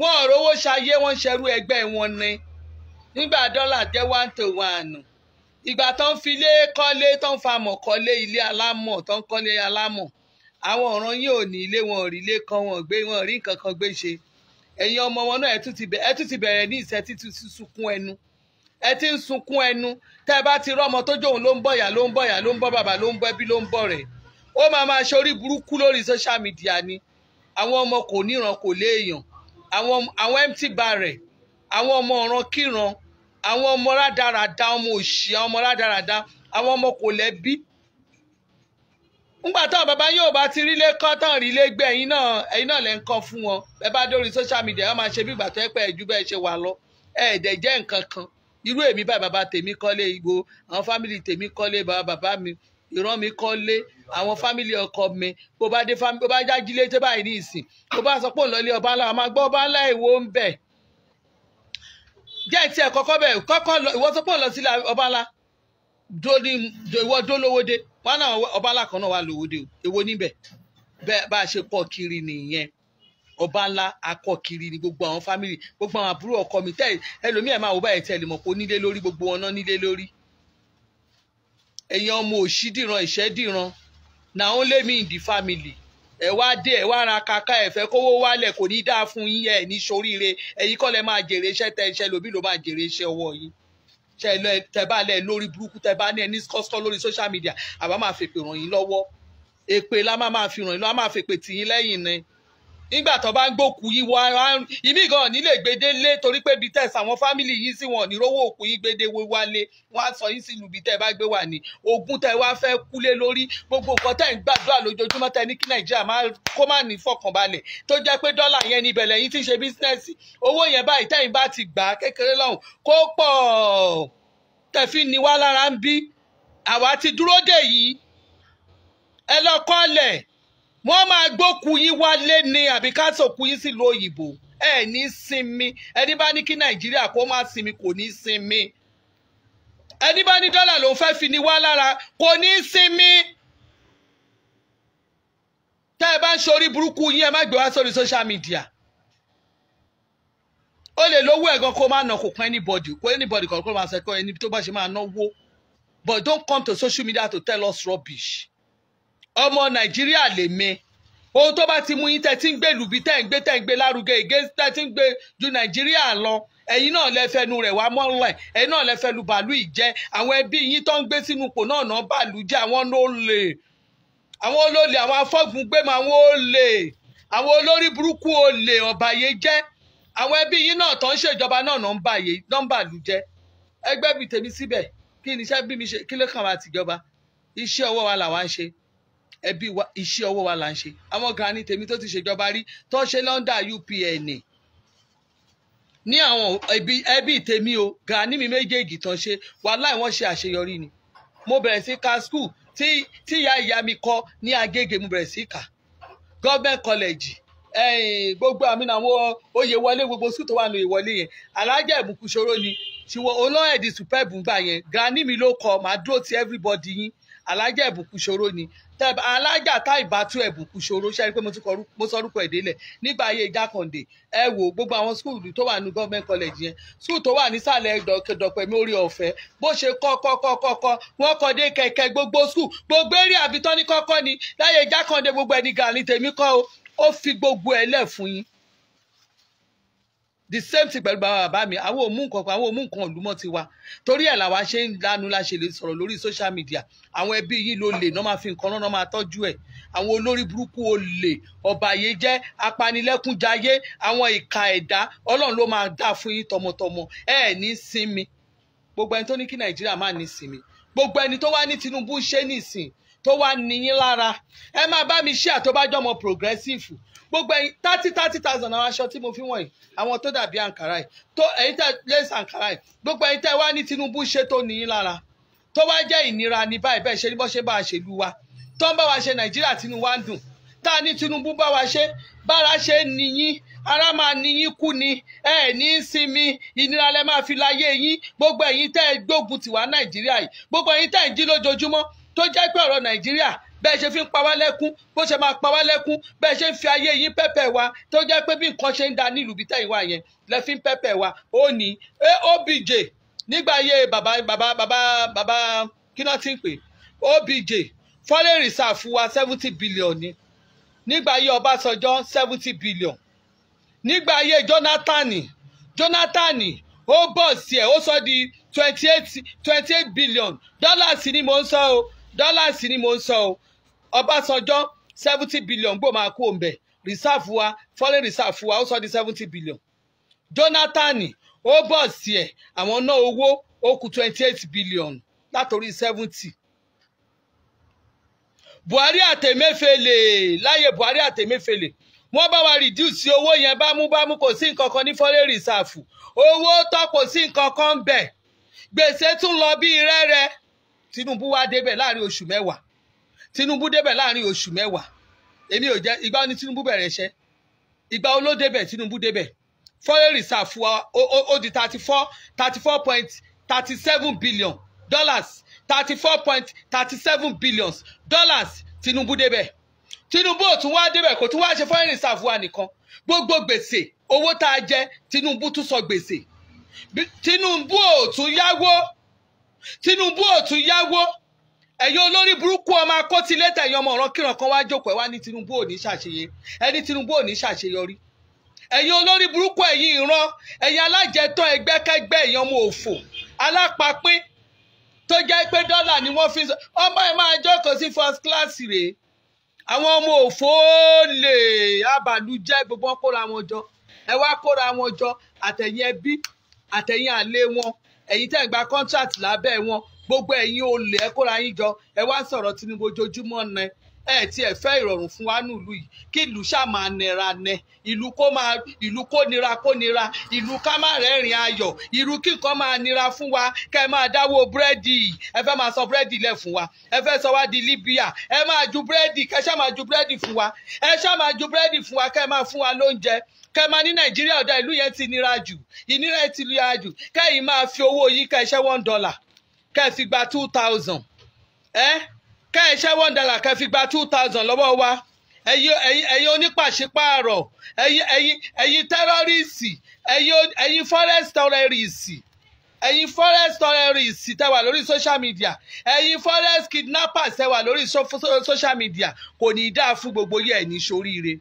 wọn ò rówó ṣayé wọn ṣerú ẹgbẹ́ wọn ni nígbà dọ́là jẹ́ one to one ìgbà tó ń fi ilé kọ́lé tó ń fa mọ̀ kọ́lé ilé alámọ̀ tó ń kọ́lé alámọ̀ àwọn ọ̀ràn yìí ò ní ilé wọn ò rí ilé kan wọn gbé wọn rí nǹkan kan gbé ṣe ẹ̀yin ọmọ wọn náà ẹ tún ti bẹ̀rẹ̀ ní ìṣẹ́ títí sunkún ẹnu ẹ ti ń sunkún ẹnu tẹ́ ẹ bá ti rọ́mọ tó jóun ló ń bọ̀yà ló ń bọ̀yà ló ń bọ̀ bàbá ló ń bọ̀ ẹbí ló ń bọ̀ rẹ̀ ó máa máa ṣe orí burúkú lórí social media ni àwọn ọmọ kò níran kò léèyàn àwọn àwọn empty barrel àwọn ọmọ ọ̀ràn kíran àwọn ọmọ rádaràda ọmọ òṣì àwọn ọmọ rádaràda àwọn ọmọ kò lẹ́bí ńgbà táwọn bàbá yóò bá ti rí lé kọ́ tán rí lé gbé ẹ̀yin náà ẹ̀yin náà lẹ́ ń kọ́ fún wọn ẹ bá dórí social media ẹ máa ṣe bí ìgbà tó ẹ pẹ́ ju bẹ́ẹ̀ ṣe wà lọ ẹ ẹ̀dẹ̀ jẹ́ nǹkan kan irú èmi báyìí bàbá tèmi kọ́lé Ìgbò àwọn fámìlì tèmi kọ́lé bàbá bàbá mi ìran mi kọ́lé àwọn fámìlì ọkọ mi bó bá dé fámìlì bó bá jájílé tó báyìí ní ìsìn bó bá sọ pé òun lọlé ọba ńlá wa máa gbọ́ ọba ńlá èwo ń bẹ̀ jẹ́ tiẹ̀ kọ́kọ́ bẹ̀ kọ́kọ́ ìwọ sọ pé òun lọ sílẹ̀ ọba ńlá ìwọ dólówódé wọn náà ọba ńlá kan náà wà lówódé èwo níbẹ̀ bẹ́ẹ̀ bá a ṣe pọ̀ kiri nìyẹn ọba ńlá akọkiri ni gbogbo àwọn fámìlì gbogbo àwọn àbúrò ọkọ mi tẹ ẹlòmíì ẹ máa wò báyìí tẹ ẹ lè mọ pé onílé lórí gbogbo wọn náà nílé lórí ẹ̀yin ọmọ òṣìdìran ìṣẹ́dìran na only me in the family ẹ wá dé ẹ wá ra kaka ẹ fẹ́ kówó wálẹ̀ kò ní dáa fún yín ẹ ní soríire ẹ̀yin kọ́ lẹ máa jèrè iṣẹ́ tẹ iṣẹ́ lòbí ló máa jèrè iṣẹ́ ọwọ́ yín ṣe lẹ tẹ bá lẹ lórí burúkú tẹ bá ní ẹni kọsọ lórí social media àbá máa fèpè ràn yín lọ́wọ́ èpè la máa máa fi ràn yín lọ́wọ́ a máa fèpè tì yín lẹ́yìn ni nígbà tó bá ń gbòkú yìí wọ ìmí gan nílé gbèdé lé torí pé bí tẹ̀sán àwọn fámìlì yìí sì wọ̀n ní rówó òkú yìí gbèdé wálé wọ́n á sọ yín sí ìlú bí tẹ́ bá gbé wà ní ogún tẹ́ wá fẹ́ kúlé lórí gbogbo nǹkan tẹ́ ń gbàdúrà lójoojúmọ́ tẹ́ ní kí nàìjíríà máa kó má ní fọkànbalẹ̀ tó jẹ́ pé dọ́là yẹn ní ibẹ̀lẹ̀ yín ti ṣe bísínẹ́sì owó yẹn báyìí tẹ́yìn bá ti gbà kékeré lọ́hùn kó pọ̀ tẹ̀fí ni wá lára ń bí àwa ti dúró dè yìí ẹ lọ kọ́lẹ̀ wọ́n máa gbókù yín wálé ni àbí ká sòkù yín sílùú òyìnbó ẹ ní sinmi ẹni bá ní kí nàìjíríà kó má sinmi kò ní sinmi ẹni bá ní dọ́là ló fẹ́ fi ni wá lára kò ní sinmi tẹ́ ẹ bá ń ṣorí burúkú yín ẹ má gbé wá sórí social media ó lè lówó ẹ̀gàn kó má nà kó pẹ́ anybody kó anybody kọ̀ọ̀kan máa ṣe kọ́ ẹni tó bá ṣe máa náwó but don't come to social media to tell us rubbish ọmọ nàìjíríà lèmi ohun tó bá ti mú yín tẹ́ ti ń gbé lùbí tẹ́ ń gbé tẹ́ ń gbé lárugẹ ègé tẹ́ ń gbé ju nàìjíríà lọ ẹ̀yin náà lẹ fẹnu rẹ̀ wá mọ́lẹ̀ ẹ̀yin náà lẹ fẹnu bàálù ìjẹ́ àwọn ẹbí yín tó ń gbé sínú ipò náà náà bàálù jẹ́ àwọn olè àwọn olè àwọn afọ́gbùngbẹ́mọ àwọn olè àwọn olórí burúkú olè ọ̀bàyéjẹ́ àwọn ẹbí yín náà tó ń ṣèjọba náà náà ń bàálù jẹ́ ẹgbẹ́ bìtẹ̀mí síbẹ̀ kí ni iṣẹ́ bí mi ṣe kí ló kàn tìjọba iṣẹ́ ọwọ́ wa làwa ṣe ẹbí wa iṣẹ́ ọwọ́ wa là ń ṣe àwọn granny tèmi tó ti ṣèjọba rí tó ṣe lọ́ndà UPN ní àwọn ẹbí tèmi o granny mi méjèèjì tán ṣe wàhálà wọn ṣe àṣeyọrí ni mo bẹ̀rẹ̀ sí ka school tí ìyá ìyá mi kọ́ ní Agége mo bẹ̀rẹ̀ sí kà government college gbogbo àmì àwọn oyè wọlé gbogbo school tó wà ní ìwọlé yẹn alájà ìbùkúṣòro ni ṣùgbọ́n olóyèdè superb ń gbà yẹn granny mi ló kọ màá dúró ti everybody yín alájà ìbùkúṣòro ni alájà táìbá tú ẹ̀bùkù ṣòro ṣẹ́rí pé mo sọ́rúkọ èdè lẹ̀ nígbà ayé Jákàndé ẹ wò gbogbo àwọn skul tó wà ní government college yẹn skul tó wà nísàlẹ̀ dọ̀pẹ̀ mórí ọ̀fẹ́ bó ṣe kọ́ kọ́ kọ́ kọ́ kọ́ wọ́n kọ́ dé kẹ̀kẹ́ gbogbo skul gbogbo eré àbítọ́ni kọ́kọ́ ni láyé Jákàndé gbogbo ẹni gàlí tèmi kọ́ o ó fi gbogbo ẹ̀ lẹ̀ fún yín the same thing pẹ̀lú bàbá bàbá mi àwọn ò mú nǹkan pa àwọn ò mú nǹkan ìlú mọ́ tiwa torí ẹ̀ làwa ṣe ń lanu la ṣe lè sọ̀rọ̀ lórí social media àwọn ẹbí yìí ló lè náà máa fi nǹkan náà máa tọ́jú ẹ̀ àwọn olórí burúkú olè ọ̀bàyéjẹ́ apanilẹ́kúnjayé àwọn ìka ẹ̀dá ọlọ́run ló máa dá fún yín tọmọtọmọ ẹ ní sinmi gbogbo ẹni tó ní kí nàìjíríà má ní sinmi gbogbo ẹni tó wá ní tinubu ṣe nísìn tó wá níyín lára ẹ máa bá mi ṣe àtọ́bájọ́mọ progressive gbogbo ẹ̀yin thirty thirty thousand àwọn aṣọ tí mo fi wọ̀nyí àwọn tó dàbí àǹkárá yìí tó ẹ̀yin tẹ́ lace àǹkárá yìí gbogbo ẹ̀yin tẹ́ wá ní Tinubu ṣe tó nìyí lára tó wá jẹ́ ìnira ní báyìí bẹ́ẹ̀ ṣe ní bó ṣe bá a ṣe lu wa tó ń bá wa ṣe Nàìjíríà tínú wa ń dùn tá a ní Tinubu bá wa ṣe bára ṣe nìyín ara máa níyín kú ni ẹ ní í sinmi ìnira lẹ máa fi láyé yín gbogbo ẹ̀yin tẹ́ gbógun tiwa Nàìjíríà yìí gbogbo ẹ̀yin tẹ́ ń jí lójoojúmọ́ tó jẹ́ pé ọ̀rọ̀ Nàìjíríà bẹ́ẹ̀ ṣe fi ń pa wá lẹ́kún bó ṣe máa pa wá lẹ́kún bẹ́ẹ̀ ṣe ń fi ayé yín pẹ́pẹ́ wa tó jẹ́ pé bí nǹkan ṣe ń da nílùú bí tẹ̀yìn wá yẹn lẹ́ fi ń pẹ́pẹ́ wa ó ní Obj nígbà ayé bàbá bàbá bàbá bàbá kíná ti ń pè Obj foreign reserve wa seventy billion ni nígbà ayé Ọbásanjọ́ seventy billion nígbà ayé Jonathan Jonathan ó bọ̀ sí ẹ̀ ó sọ di twenty eight billion dollars ni mo ń sọ o dọ́làsì ni mo ń sọ o Ọbásanjọ́ seventy billion gbò máa kú òǹbẹ̀ rìsáàfù wa foreign reserve wa ó sọ di seventy billion Jonathan ó bọ̀ sí ẹ̀ àwọn náà owó ó kù twenty eight billion látòrí seventy Buhari àtẹ̀mẹ́fẹ̀lẹ̀ láyé Buhari àtẹ̀mẹ́fẹ̀lẹ̀ wọ́n bá wa reduce owó yẹn bámúbámú kò sí nǹkan kan ní foreign reserve owó tó kò sí nǹkan kan ń bẹ̀ gbèsè tún lọ bí rẹ́rẹ́ Tinubu wá débẹ̀ láàrin oṣù mẹ́wàá Tinubu débẹ̀ láàrin oṣù mẹ́wàá èmi ò jẹ́ ìgbà ni Tinubu bẹ̀rẹ̀ iṣẹ́ ìgbà wo ló débẹ̀ Tinubu débẹ̀ foreign reserve wa ó di thirty four thirty four point thirty seven billion dollars thirty four point thirty seven billion dollars Tinubu débẹ̀ Tinubu ò tún wá débẹ̀ kò tún wá ṣe foreign reserve wa nìkan gbogbo gbèsè owó tá a jẹ Tinubu tún sọ gbèsè Tinubu ò tún yáwó Tinubu ò tún yáwó ẹ̀yin olórí burúkú ọmọ akọ́tilétà ẹ̀yin ọmọ ọ̀ràn kíran kan wá jókòó ẹ̀ wá ní Tinubu ò ní ṣàṣeyẹ ẹni Tinubu ò ní ṣàṣeyọrí ẹ̀yin olórí burúkú ẹ̀yin ìran ẹ̀yin alájẹtọ́ ẹgbẹ́kẹ́gbẹ́ ẹ̀yin ọmọ òfò alápapín tó jẹ́ pé dọ́là ni wọ́n fi ọmọ ẹ̀ máa jókòó sí first class rèé àwọn ọmọ òfò lè abàlújẹ́ gbogbo wọn kóra wọn jọ ẹ wá kóra wọn jọ àtẹ̀yìn ẹbí àtẹ̀yìn àlè wọn ẹ̀yin tẹ́ ń gba contract lábẹ́ wọn gbogbo ẹ̀yin olè ẹ kóra yín jọ ẹ wá sọ̀rọ̀ Tinubu ojoojúmọ́ náà ẹ ti ẹ fẹ́ ìrọ̀rùn fún wa nílùú yìí kí ìlú ṣáà máa nira nẹ ìlú kó máa ìlú kó nira kó nira ìlú ká má rẹ́rìn ayọ̀ ìlú kí nǹkan máa nira fún wa kẹ́ ẹ máa dáwọ́ búrẹ́dì ẹ fẹ́ máa sọ búrẹ́dì lẹ̀ fún wa ẹ fẹ́ sọ wá di Libya ẹ máa ju búrẹ́dì kẹ́ ṣáà máa ju búrẹ́dì fún wa ẹ ṣáà máa ju búrẹ́dì fún wa kẹ́ ẹ máa fún wa lóúnjẹ kẹ máa ní nàìjíríà ọ̀dà ìlú yẹn ti nira jù ìnira ti nira jù kẹ́yìn máa fi owó yìí kẹ́ ṣẹ́ one dollar kẹ́ fi gba two thousand ẹ́ kẹ́ ẹ ṣẹ́ one dollar kẹ́ fi gba two thousand lọ́wọ́ wa ẹ̀yin ẹ̀yin ẹ̀yin onípàṣípààrọ̀ ẹ̀yin ẹ̀yin ẹ̀yin tẹ́rọ́rìsì ẹ̀yin ẹ̀yin forest tẹ́rọ́rìsì ẹ̀yin forest terrorists tẹ́ wà lórí social media ẹ̀yin forest kidnappers tẹ́ wà lórí social media kò ní í dáa fún gbogbo yẹ ní ṣoríire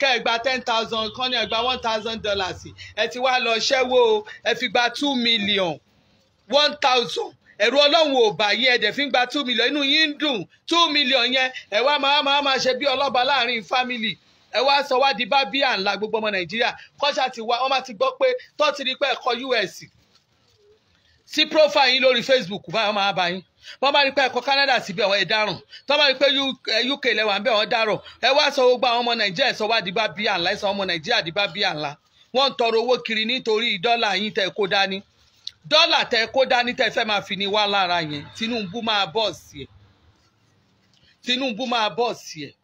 kẹ́ ẹ gba ten thousand kan ní ẹ gba one thousand dollars ẹ ti wá lọ ṣẹ́wó ẹ fi gba two million one thousand ẹ̀rù ọlọ́run ò bà yí ẹ̀dẹ̀ fi ń gba two million inú yín ń dùn two million yẹn ẹ̀ wá máa máa máa ṣe bí ọlọ́ba láàrin family ẹ wá sọ wá di bábíà ńlá gbogbo ọmọ nàìjíríà kọ́ṣà ti wá wọ́n máa ti gbọ́ pé tó ti rí pé ẹ̀kọ́ us sí profile yín lórí facebook báyọ̀ máa bá yín wọ́n bá rí pé ẹ̀kọ́ canada síbi àwọn ẹ̀dáràn tó bá rí pé uk lẹ́wà ń bẹ̀ wọ́n dáràn ẹ wá sọ gbogbo àwọn ọmọ nàìjíríà sọ wá di bábíà ńlá ẹ sọ ọmọ nàìjíríà di bábíà ńlá wọ́n ń tọrọ owó kiri nítorí dọ́là yín tẹ̀ kó dání dọ́là tẹ kó dání tẹ fẹ́ máa fi ni wá lára yẹn Tinubu máa bọ̀ sí ẹ̀ Tinubu máa bọ̀ sí ẹ̀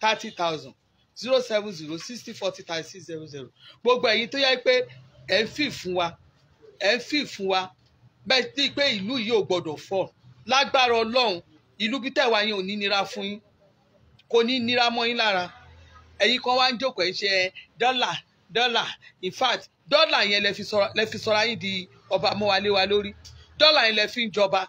thirty thousand zero seven zero sixty forty thirty six zero zero gbogbo ẹ̀yin tó yẹ pé ẹ̀ ń fì fún wa ẹ̀ ń fì fún wa bẹ́ẹ̀ tí pé ìlú yìí ò gbọ́dọ̀ fọ́ lágbára Ọlọ́run ìlú bí tẹ̀wá yẹn ò ní nira fún yín kò ní nira mọ́ yín lára ẹ̀yin kan wá ń jókòó ẹ̀ ṣe dọ́là dọ́là in fact dọ́là yẹn lẹ fi sọra yín di ọba mọ́wálé wa lórí dọ́là yẹn lẹ fi ń jọba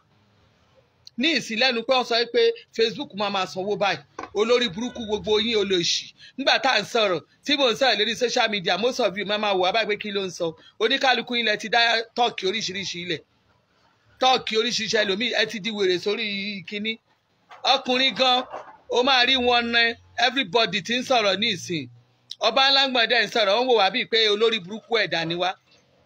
ní ìsìnlẹ́nu pé wọ́n sọ pé Facebook máa máa sanwó báyìí olórí burúkú gbogbo yín olóòṣì nígbà tá à ń sọ̀rọ̀ tí mò ń sọ̀rọ̀ lórí social media most of you máa máa wò á báyìí pé kí ló ń sọ oníkálukú ilẹ̀ ti dá tọ́ọ̀kì oríṣiríṣi ilẹ̀ tọ́ọ̀kì oríṣiríṣi ẹlòmíì ẹ ti di wèrè sórí kínní ọkùnrin gan o máa rí wọn ná everybody ti ń sọ̀rọ̀ ní ìsìn ọba alágbọ̀n dẹ̀ ń sọ̀rọ̀ ó ń wò wá bíi pé olórí burúkú ẹ̀dá ni wá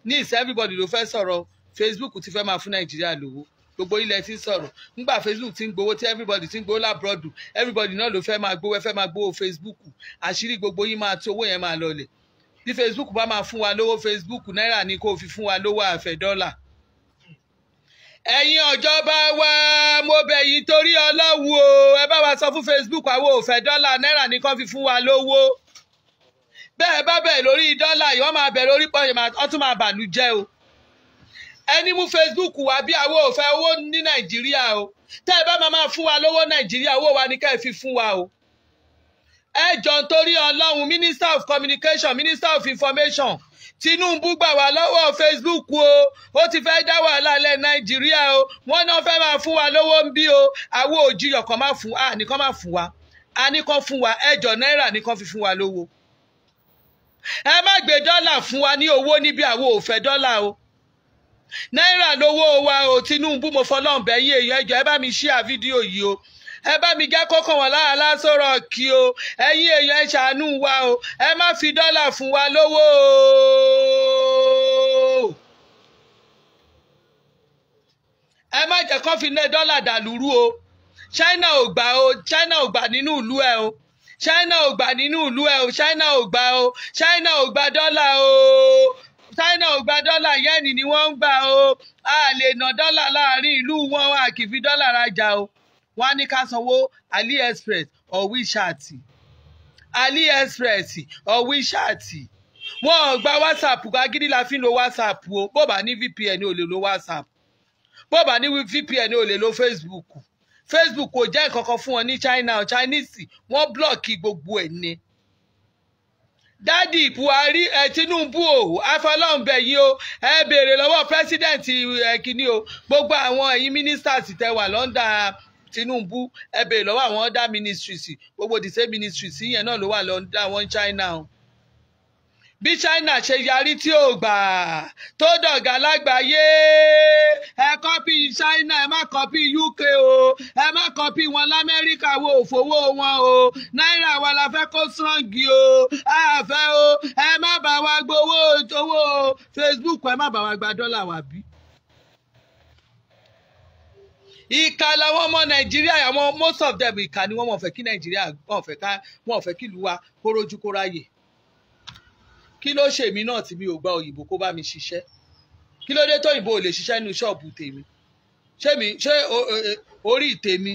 ní ìsẹ́ everybody ló fẹ́ sọ̀rọ̀ Facebook ti fẹ́ máa fún Nàìjíríà lówó gbogbo ilẹ̀ ti ń sọ̀rọ̀ nígbà Facebook ti ń gbowó tí everybody ti ń gbowó lábúrọ̀dù everybody náà ló fẹ́ máa gbowó ẹ fẹ́ máa gbowó Facebook àṣírí gbogbo yín máa tó owó yẹn máa lọlẹ̀ bí Facebook bá máa fún wa lówó Facebook náírà ni kó o fi fún wa lówó àfẹ́ dọ́là ẹ̀yin ọ̀jọba wa mo bẹ̀ yín torí Ọlọ́run o ẹ bá wa sọ fún Facebook àwọn òfẹ́ dọ́là náírà ni kán fi fún wa lówó bẹ́ẹ̀ bá bẹ̀rẹ̀ lórí dọ́là yìí wọ́n máa bẹ̀rẹ̀ lórí pọ́ọ̀ṣì wọ́n tún máa bàlú jẹ́ o ẹni mú Facebook wá bí àwọ òfẹ́ owó ní Nàìjíríà o tẹ́ ẹ bá máa máa fún wa lówó Nàìjíríà owó wa ni ká ẹ fi fún wa o ẹ jọ nítorí Ọlọ́run Minister of Communication Minister of Information Tinubu gbà wá lọ́wọ́ Facebook o ó ti fẹ́ dá wàhálà lẹ̀ Nàìjíríà o wọ́n náà fẹ́ máa fún wa lówó ń bí o àwọ òjìyàn kan máa fún wa nìkan máa fún wa ẹjọ náírà nìkan fi fún wa lówó ẹ má gbé dọ́là fún wa ní owó níbi àwọn ò fẹ́ dọ́là o náírà lówó wa o Tinubu mo fọlọ́n bẹ́yìn èèyàn ẹjọ́ ẹ bá mi ṣíà fídíò yìí o ẹ bá mi jẹ́ kókàn wọ́n láàlá sọ̀rọ̀ kí o ẹ̀yin èèyàn ẹ ṣàánú wa o ẹ má fi dọ́là fún wa lówó o. ẹ má jẹ́ kó fi ná dọ́là dàlúrú o China ò gbà o China ò gbà nínú ìlú ẹ o. China ò gbà nínú ìlú ẹ o China ò gbà o China ò gbà dọ́là o China ò gbà dọ́là yẹ́nì ni wọ́n ń gbà o a lè ná dọ́là láàrin ìlú wọn a kì í fi dọ́là rajà o wọ́n á ní ká sanwó AliExpress or WeChat AliExpress or wọn ò gba WhatsApp agídí la fi ń lo WhatsApp o bó bá ní VPN ò lè lo WhatsApp bó bá ní VPN ò lè lo Facebook. Facebook kò jẹ́ nǹkan fún wọn ní China Chinese wọ́n blọ́ọ̀kì gbogbo ẹ̀ ni dádì buhari ẹ tinubu o afọlọ́nbẹ yìí o ẹ béèrè lọ́wọ́ president ẹ kìíní o gbogbo àwọn ẹ̀yin ministers tẹ wà lọ́ndà tinubu ẹ béèrè lọ́wọ́ àwọn other ministries gbogbo the same ministries yẹn náà ló wà lọ́ndà wọn China o bí China ṣe yarí tí ò gbà tó dọ̀gá lágbàáyé ẹ kọ́pì China ẹ má kọ́pì UK o ẹ má kọ́pì wọn l'Amẹ́ríkà wo òfowó wọn o náírà wa la fẹ́ kó sọ́ǹgì o a fẹ́ o ẹ má bá wa gbowó owó Facebook ẹ má bá wa gba dọ́là wa bí ìka làwọn ọmọ nàìjíríà àwọn most of them ìka ni wọn wọn fẹ́ kí nàìjíríà wọn fẹ́ ká wọn fẹ́ kí ìlú wa kó rojú kó ráyè kí ló ṣe èmi náà tí mi ò gba òyìnbó kó bá mi ṣiṣẹ́ kí ló dé tó òyìnbó ò lè ṣiṣẹ́ nínú ṣọ́ọ̀bù tèmi ṣé e, orí tèmi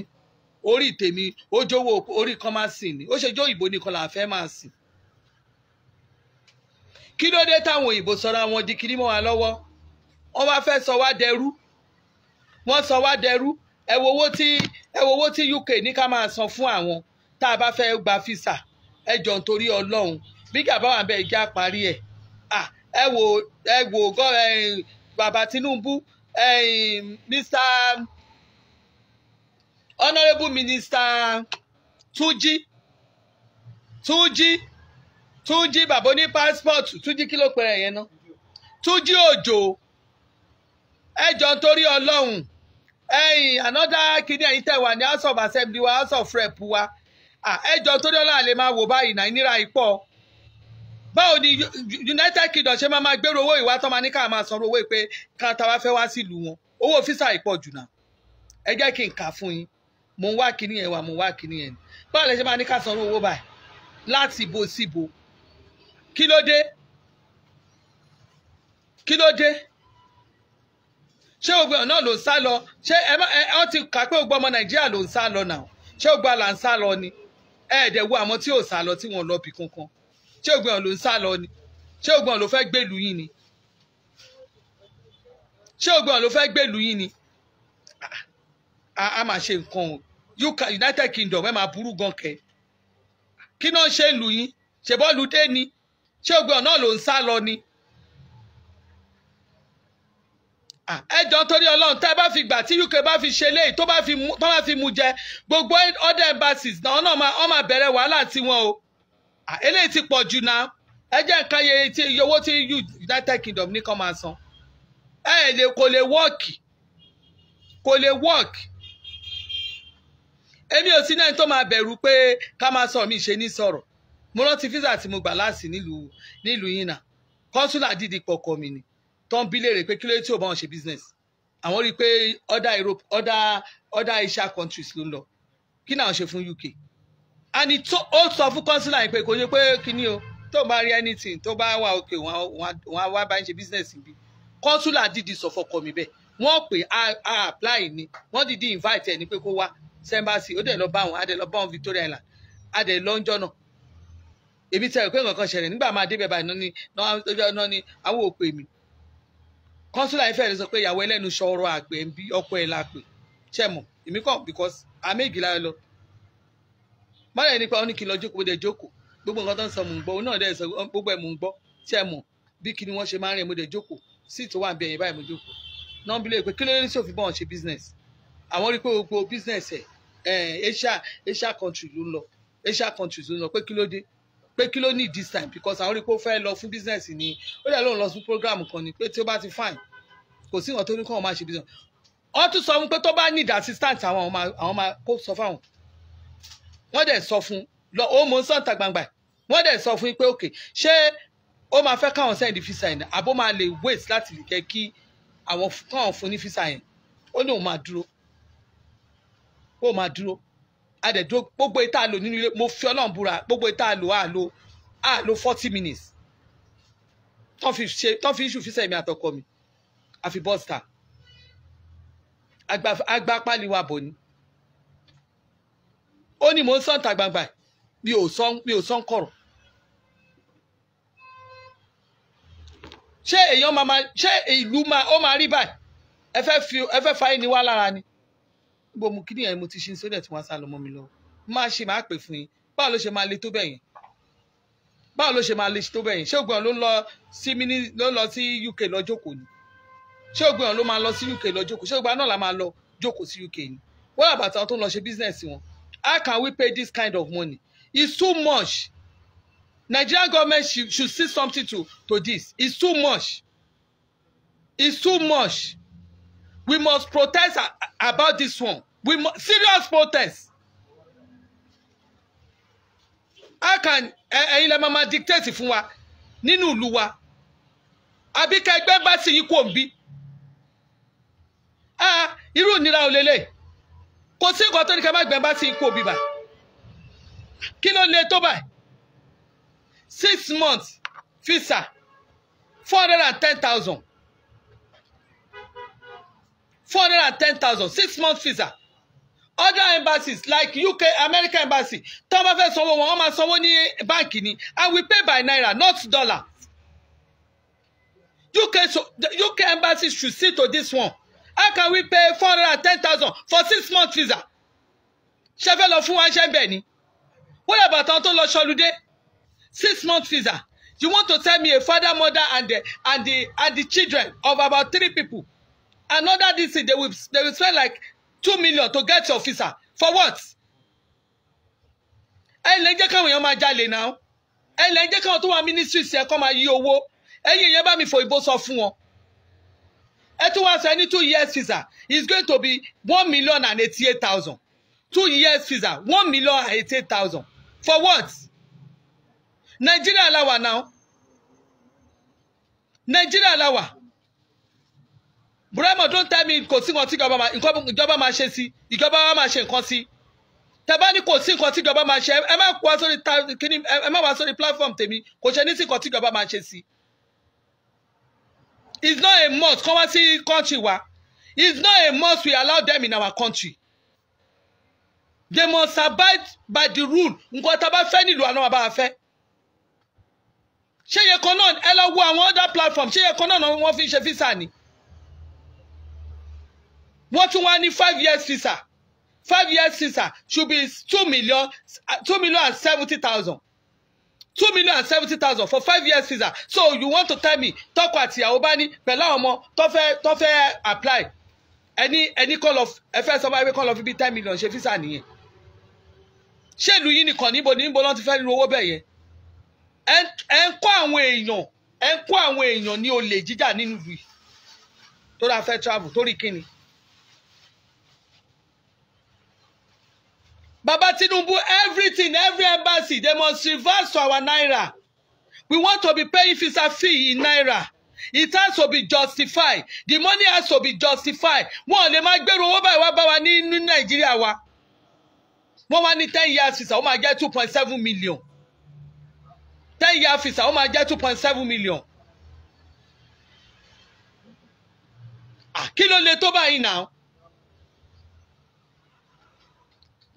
orí tèmi ó jówó orí kan máa sìn ni ó ṣe jó òyìnbó nìkan là fẹ́ máa sìn kí ló dé táwọn òyìnbó sọra wọn di kiri mọ́ wa lọ́wọ́ wọ́n wá fẹ́ sọ wá dẹrú wọ́n sọ wá dẹrú ẹ wo owó tí ẹ wo owó tí UK ní ká máa san fún àwọn tá a bá fẹ́ gba físà ẹ jọ̀ nítorí Ọlọ́run bígà bá wà ń bẹ ìjà parí ẹ̀ ẹ wò ẹ wò gọ́ bàbá Tinubu Mr Honourable Minister Tuji Tuji Tuji bàbá oní passport Tuji kí ló pẹ̀rẹ̀ yẹn náà Túnjí Òjò ẹjọ́ torí Ọlọ́run ẹ̀yin anoda kini ẹ̀yin tẹ́ wà ní house of assembly wa house of rep wa ẹjọ́ torí Ọlọ́run àlè máa wò báyìí náà ìnira ìpọ̀ báwo ni United Kingdom ṣe máa máa gbèrò owó ìwà tán máa ní ká máa sanwó owó pé ká táwa fẹ́ wá sílùú wọn owó físà ìpọ̀ jù náà ẹ jẹ́ kí n kà fún yín mò ń wá kíní yẹn wà mò ń wá kíní yẹn báwo lẹ ṣe máa ní ká sanwó owó báyìí láti ibo sí ibo kí ló dé kí ló dé ṣé gbogbo ọ̀nà ló ń sá lọ ṣé ẹ ọ ti kà pé gbogbo ọmọ Nàìjíríà ló ń sá lọ náà ṣé gbogbo àlà ń sá lọ ni ẹ̀ẹ́dẹ̀ wo àwọn tí ò sá lọ tí wọ́n lọ bì kankan ṣé ògbìn ọ̀hún ló ń sá lọ ni ṣé ògbìn ọ̀hún ló fẹ́ gbèlú yín ni ṣé ògbìn ọ̀hún ló fẹ́ gbèlú yín ni a máa ṣe nǹkan o United Kingdom ẹ máa burú gan kẹ kí náà ṣe lù yín ṣe bọ́ọ̀lù dé ni ṣé ògbìn ọ̀hún náà ló ń sá lọ ni. ẹjọ́ torí ọlọ́run tá a bá fi gbà tí UK bá fi ṣe léyìí tó bá fi mú jẹ gbogbo other embassies náà wọ́n máa bẹ̀rẹ̀ wàhálà tiwọn o eléyìí ti pọ̀ jù náà ẹ jẹ́ nǹkan iye owó tí United Kingdom ní kan máa san ẹ lè kò lè wọ́ọ̀kì kò lè wọ́ọ̀kì èmi ò sí náà tó máa bẹ̀rù pé ká máa sọ mi ṣe ní sọ̀rọ̀ mo rántí físà tí mo gbà láàsì nílùú nílùú yìí náà kọ́ńsùlà dídì pọ̀kọ̀ mi ni tó ń bí léèrè pé kí ló tí ò bá wọn ṣe business àwọn rí i pé other Europe other other Asia countries ló ń lọ kí náà ṣe fún UK àní tó ó sọ fún kọ́ńsílà yìí pé kò ṣe pé kíní o tó bá rí anything tó bá wà òkè wọn á wá bá ń ṣe business bí kọ́ńsílà dìdí sọ fọkọ mi bẹ́ẹ̀ wọ́n pè á apply ni wọ́n dìdí invite ẹ̀ ní pé kó wá sẹ́mbàsì ó dẹ̀ lọ bá wọn á dẹ̀ lọ bá wọn Victoria Island á dẹ̀ lọ́njọ́ náà èmi tẹ ẹ pé nǹkan kan ṣẹlẹ̀ nígbà máa débẹ̀ báyìí náà ni náà ni àwọn ò pè mí kọ́ńsùlà ìfẹ́ rẹ sọ pé ìyàwó ẹlẹ́nu sọ̀rọ̀ àgbẹ̀ ń bí ọkọ ẹ̀ la pè èmi kàn because àméjì láyọ̀ lọ mọ́ra ẹni pa ó ní kí n lọ jókòó dẹ̀ jókòó gbogbo nǹkan tó ń sọ mò ń gbọ́ òun náà dẹ̀ sọ gbogbo ẹ̀ mò ń gbọ́ tí ẹ mọ̀ bí kí ni wọ́n ṣe máa ń rìn mo dẹ̀ jókòó síìtì wà ń bí ẹ̀yìn báyìí mo jókòó náà bí lè pé kí ló ní sófin bọ́ọ̀ ṣe business àwọn rí pé gbogbo business ẹ̀ asia asia country ló ń lọ asia countries ló ń lọ pé kí ló dé pé kí ló need this time because àwọn rí pé ó fẹ́ lọ fún business ni ó dẹ̀ lóun lọ fún program kan ni pé tí ó bá ti fine kò sí nǹkan tó ní kọ́ wọn máa ṣe business wọ́n tún sọ fún pé tó bá need assistance àwọn àwọn máa kó sọ fáwọn wọ́n dẹ̀ sọ fún lọ ó mọ sọ́ǹtà gbangba wọ́n dẹ̀ sọ fún pé òkè ṣé ó máa fẹ́ káwọn sẹ́yìn di fisa yẹn àbó máa lè wait láti lè jẹ́ kí àwọn káwọn fún ní fisa yẹn ó ní òun máa dúró ó máa dúró adẹ̀dúró gbogbo ìta lò nínú ilé mo fi ọlọ́run búra gbogbo ìta lò á lò á lò forty minutes tán fi ṣe tán fi ṣù fisa èmi àtọkọ mi àfi bọ́sítà àgbà àgbà pálíwà ni ó ní mò ń sọ̀tà gbangba mi ò sọ mi ò sọ ń kọ̀rọ̀ ṣé èèyàn máa ma ṣé ìlú máa ó máa rí báyìí ẹ fẹ́ fi ẹ fẹ́ fa ẹni wá lára ni gbogbo mu kíni ẹ̀ mo ti ṣe ń sódẹ̀ tí wọ́n á sá lọ mọ́ mi lọ máa ṣe máa pè fún yín báwo ló ṣe máa le tó bẹ́ẹ̀ yẹn báwo ló ṣe máa le tó bẹ́ẹ̀ yẹn ṣé ògbọ́n ló ń lọ sí mini ló ń lọ sí UK lọ jókòó ni ṣé ògbọ́n ló máa lọ sí UK lọ jókòó ṣé ògbọ́n náà la máa lọ jókòó sí UK ni wọ́n àbàtà tó ń lọ ṣe bísíǹsì wọn how can we pay this kind of money it's too much Nigerian government should, should see something to to this it's too much it's too much we must protest about this one we must serious protest how can ẹ̀yin lè máa dictate fún wa nínú ìlú wa àbí kẹgbẹ́ bá sì yí kò ń bí ah, irú ìnira ò lélẹ̀ kò sí nǹkan tó ní ká má gbẹ́ bá sí ikú òbí bá kí ló lè tó báyìí six months visa four hundred and ten thousand four hundred and ten thousand six months visa other embassies like UK American embassy tó bá fẹ́ sanwó wọn wọ́n máa sanwó ní báǹkì ni and we pay by naira not dollar UK so UK embassy should see to this one how can we pay four hundred and ten thousand for six months visa ṣe fẹ́ lọ fún wa ṣe bẹ́ẹ̀ ni what about àwọn tó lọ ṣọlùdé six months visa you want to tell me a father mother and the and the and the children of about three people another this thing they will they will spend like two million to get your visa for what ẹ̀yin lè jẹ́ káwọn èèyàn máa jalè náà ẹ̀yin lè jẹ́ káwọn tó wà ministry ṣe ẹ̀kọ́ máa yí owó ẹ̀yin èèyàn bá mi fò ìbò sọ fún wọn ẹ tún wá sọ ẹni two years visa is going to be one million and eighty-eight thousand two years visa one million and eighty-eight thousand for what Nigeria la now Nigeria la wà Burema don tell me kò sí nǹkan tí ìjọba máa ṣe sí ìjọba wa máa ṣe nǹkan sí tẹ́bá ní kò sí nǹkan tí ìjọba máa ṣe ẹ má wá sórí platform tèmi kò ṣe ní sí nǹkan tí ìjọba máa ṣe sí it's not a must kán wá sí country wa it's not a must we allow them in our country they must abide by the rule nǹkan tá a bá fẹ́ nílùú àná àbá fẹ́ ṣé iye kan náà ẹ lọ wo àwọn other platform ṣé iye kan náà wọ́n fi ṣe visa ni wọ́n tún wá ní five years visa five years visa should be two million two million and seventy thousand two million and seventy thousand for five years visa so you want to tell me tọkọ àti ìyàwó bá ní pẹ̀lú àwọn ọmọ tó fẹ́ apply ẹni ẹni kọ́ of ẹ fẹ́ sọ call of kọ́ ten million ṣe visa nìyẹn ṣé ìlú yìí nìkan níbo níbo lọ́n ti fẹ́ lu owó bẹ́ẹ̀ yẹn ẹ ń kó àwọn èèyàn ẹ ń kó àwọn èèyàn ní olè jíjà nínú ìlú yìí tó dáa fẹ́ travel torí kíni Baba Tinubu, everything, every embassy, they must reverse to our naira. We want to be paying visa fee in naira. It has to be justified. The money has to be justified. One lè máa gbèrò owó báyìí wá bá wa One Nàìjíríà wa. Wọ́n ten years visa, ó máa jẹ́ two point seven million. Ten years visa, ó máa jẹ́ two point seven million. Ah, kí kilo le tó báyìí náà?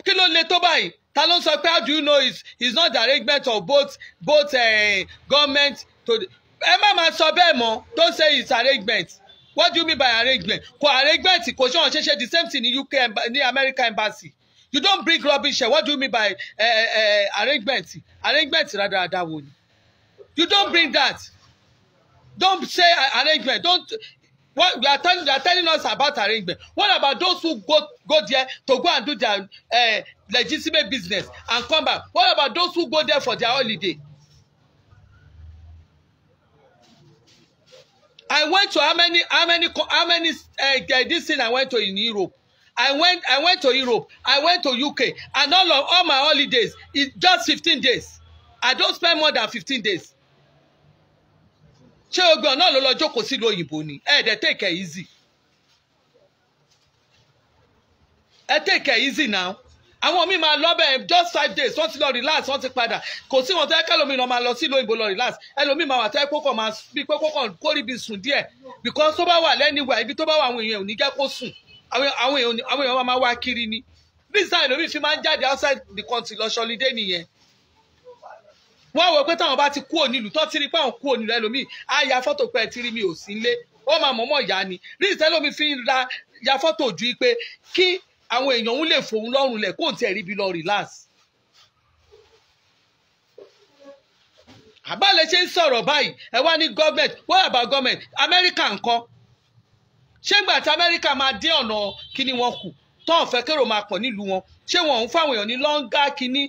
kí ló le tó báyìí ta ló ń sọ pé how do you know it's, it's not the arrangement of both both uh, government to ẹ má máa sọ bẹ́ẹ̀ mọ́ don't say it's arrangement what do you mean by arrangement kò arrangement kò ṣe wọn ṣe ṣe the same thing ní UK ní America embassy you don't bring rubbish here what do you mean by uh, uh, arrangement arrangement rádaràda wo ni you don't bring that don't say arrangement don't What they are telling you are telling us about arrangement. What about those who go go there to go and do their uh, legitimate business and come back? What about those who go there for their holiday? I went to how many how many how many uh, this thing I went to in Europe. I went I went to Europe. I went to UK and all of all my holidays is just fifteen days. I don't spend more than fifteen days ṣé ogun náà ló lọ jókòó sílùú òyìnbó ni ẹ dẹ̀ take it easy ẹ take it easy now àwọn míì máa lọ just five days wọ́n ti lọ relax wọ́n ti padà kò sí wọn tó yẹ máa lọ sílùú òyìnbó lọ relax ẹlòmíì máa wà tẹ́ kókò máa bí pé kókò kórì bí sùn díẹ̀ because tó bá wà lẹ́ni wà ibi tó bá wà àwọn èèyàn ò ní jẹ́ kó sùn àwọn èèyàn máa wá kiri ni this time ẹlòmíì fi máa ń jáde outside the country lọ ṣọlidé nìyẹn wọ́n wọ pé táwọn bá ti kúrò nílùú tó ti rí pé àwọn kúrò nílùú ẹlòmíì á ya fọ́tò pé ẹ ti rí mi ò sí nílé ó máa mọ̀ọ́mọ̀ yá ni rí ìtẹ́lómi fi ra ya fọ́tò ju pé kí àwọn èèyàn ń lè fòun lọ́rùn lẹ̀ kóun tiẹ̀ rí bi lọ relax. àbálẹ̀ ṣe ń sọ̀rọ̀ báyìí ẹ wá ní gọ́ọ̀mẹ̀t what about gọ́ọ̀mẹ̀t amẹ́ríkà ńkọ́ ṣé ìgbà tí amẹ́ríkà máa dín ọ̀nà kíní wọn kù tó ọ̀fẹ́ kérò máa pọ̀ nílùú wọn ṣé wọn ò fáwọn èèyàn ní lọ́ńgá kíní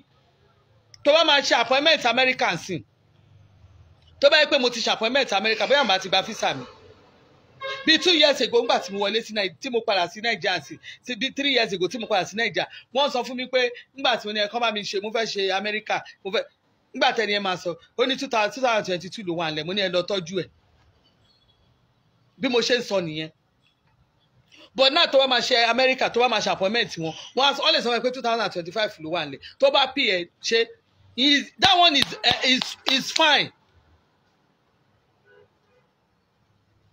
tó bá máa ṣe appointment America sí tó bá yẹ pé mo ti ṣe appointment America bóyá màá ti gba visa mi bí two years ago ngbà tí mo wọlé sí nàìjíríà tí mo padà sí nàìjíríà sí ti bí three years ago tí mo padà sí nàìjíríà wọ́n sọ fún mi pé ngbà tí mo ní ẹ̀kọ́ bá mi ṣe mo fẹ́ ṣe amẹ́ríkà mo fẹ́ ngbà tẹ́ni ẹ máa sọ ó ní two thousand twenty two ló wà lẹ̀ mo ní ẹ lọ tọ́jú ẹ̀ bí mo ṣe ń sọ nìyẹn but náà tó bá máa ṣe America, tó bá máa ṣe appointment wọn wọ́n lè sọ fún pé two thousand twenty five ló wà lẹ̀ tó bá pè é ṣe is that one is uh, is is fine.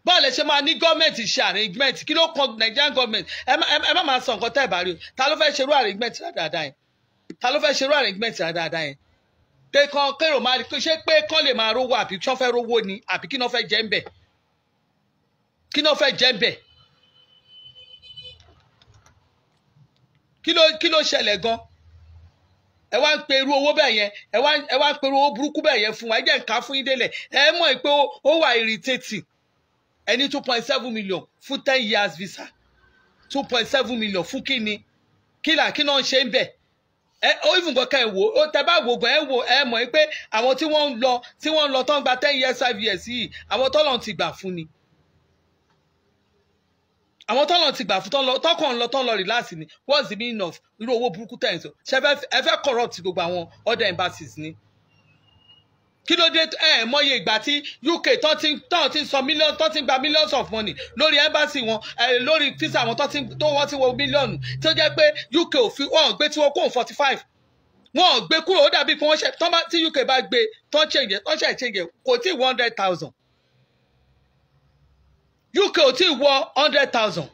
báwo lè ṣe máa ní gọ́ọ̀mẹ̀ntì ṣe arrangement kí ló kan Nigerian government ẹ má máa sọ nǹkan tá ẹ bá rí o ta ló fẹ́ ṣerú arrangement dáadáa yẹn ta ló fẹ́ ṣerú arrangement dáadáa yẹn pé kan kérò máa ṣe pé kán lè máa rówó àbí kí wọ́n fẹ́ rówó ni àbí kí wọ́n fẹ́ jẹ́ ń bẹ̀ kí wọ́n fẹ́ jẹ́ ń bẹ̀ kí ló ṣẹlẹ̀ gan-an ẹ wá ń pe irú owó bẹ́ẹ̀ yẹn ẹ wá ẹ wá ń pe irú owó burúkú bẹ́ẹ̀ yẹn fún wa ẹ jẹ́ nǹkan fún yín délẹ̀ ẹ mọ̀ pé ó wà irritating ẹ ní two point seven million fún ten years visa two point seven million fún kí ni kí là kí náà ń ṣe ń bẹ̀ ẹ ó ìfún kankan ẹ wò ó tẹ bá wò gan ẹ wò ẹ mọ̀ pé àwọn tí wọ́n ń lọ tí wọ́n ń lọ tó ń gba ten years five years yìí àwọn tọ́lọ̀ ti gbà fún ni àwọn tọ́lọ̀ ti gbà fún tọ́kàn lọ tọ́lọ̀ relax ni what's the meaning of irú owó burúkú tẹ̀ ń sọ ṣe ẹ fẹ́ corrupt gbogbo àwọn other embassies ni kí ló dé ẹ mọye ìgbà tí UK tó ti tó ti sọ million tó ti gba millions of money lórí embassy wọn ẹ lórí visa wọn tó ti tó wọ́n ti wọ mílíọ̀nù tó jẹ́ pé UK ò fi wọ́n gbé tí wọ́n kó forty five wọ́n gbé kúrò ó dàbí pé wọ́n ṣe tí UK bá gbé tó ń ṣe yẹ tó ń ṣe ìṣe yẹ kò tí one hundred thousand UK ò tí ì wọ hundred thousand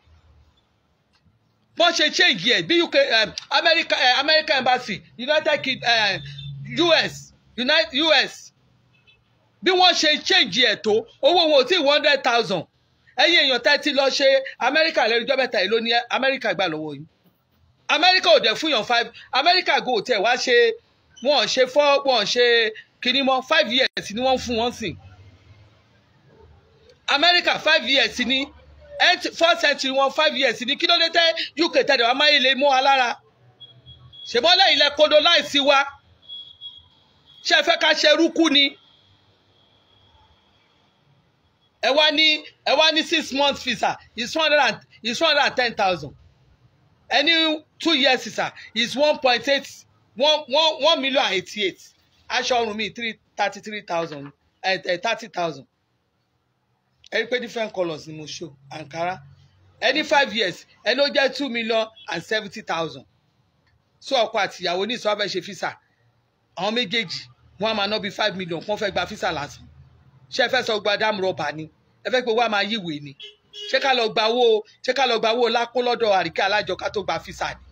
wọ́n ṣe change yẹ bí UK um, America, uh, American embassy United Kingdom uh, eh, US United US bí wọ́n ṣe change yẹ tó owó wọn ò tí ì one hundred thousand ẹ̀yin èèyàn tẹ́tí lọ ṣe Amẹ́ríkà lẹ́rìndọ́ mẹ́ta èló ní America, gbà lọ́wọ́ yìí America, ò dẹ̀ fún yàn five America, go hotel. wá ṣe wọ́n ṣe four wọ́n ṣe kìnnìmọ́ five years ni wọ́n fún wọn sìn. Si America five years ni four century one five years ni kí ló dé tẹ́ uk tẹ̀lé wa máyé lè mú wa lára ṣèbọ́lẹ̀ ilẹ̀ kodo láìsí wa ṣe fẹ́ ká ṣe rúkú ni ẹ wá ní ẹ wá ní six months visa is one hundred and is one hundred and ten thousand ẹni two years visa is one point eight one one one million eighty eight aṣọ ọrùn mi three thirty three thousand eh, eh, thirty thousand ẹ pé different colours ni mo show Ankara ẹni five years ẹni ó jẹ́ two million and seventy thousand so ọkọ àtìyàwó ní ìsọ́fẹ́ ṣe físà àwọn méjèèjì wọn a máa ná bí five million kí wọ́n fẹ́ gba físà lásán ṣé ẹ fẹ́ sọ gba dáàmú rọ̀bà ni ẹ fẹ́ pé wọ́n a máa yíwèé ni ṣé ká lọ gba owó ṣé ká lọ gba owó lápò lọ́dọ̀ àríkẹ́ alájọ ká tó gba físà ni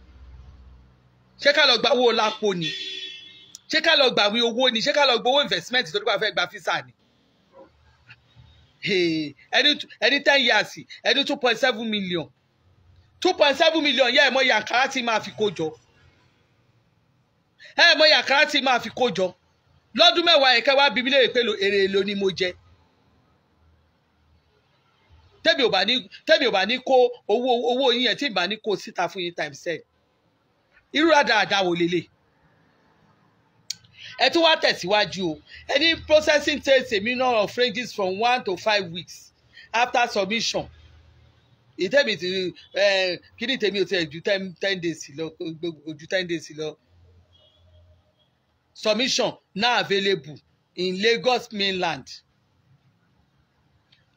ṣé ká lọ gba owó lápò ni ṣé ká lọ gbàwé owó ni ṣé ká lọ gbowó investment tó dúpọ̀ fẹ́ gba físà ni ẹni ten years ẹni two point seven million two point seven million yẹ́ ẹ̀ mọ yàkàrà tí máa fi kó jọ ẹ̀ ẹ̀ mọ yàkàrà tí máa fi kó jọ lọ́dún mẹ́wàá yẹn kẹwàá bíbí léèrè pé èrè èlò ni mo jẹ tẹ́mi ò bá ní tẹ́mi ò bá ní kó owó owó yín yẹn tí ì bá ní kó síta fún yín times ten irú àdáadáa wò lélẹ̀ ẹ tún wá tẹ̀síwájú o Any processing takes a minimum of ranges from one to five weeks after submission ìtẹ̀mí ti kí ni tèmi ò tiẹ̀ ju ten days lọ ju ten days lọ submission now available in Lagos mainland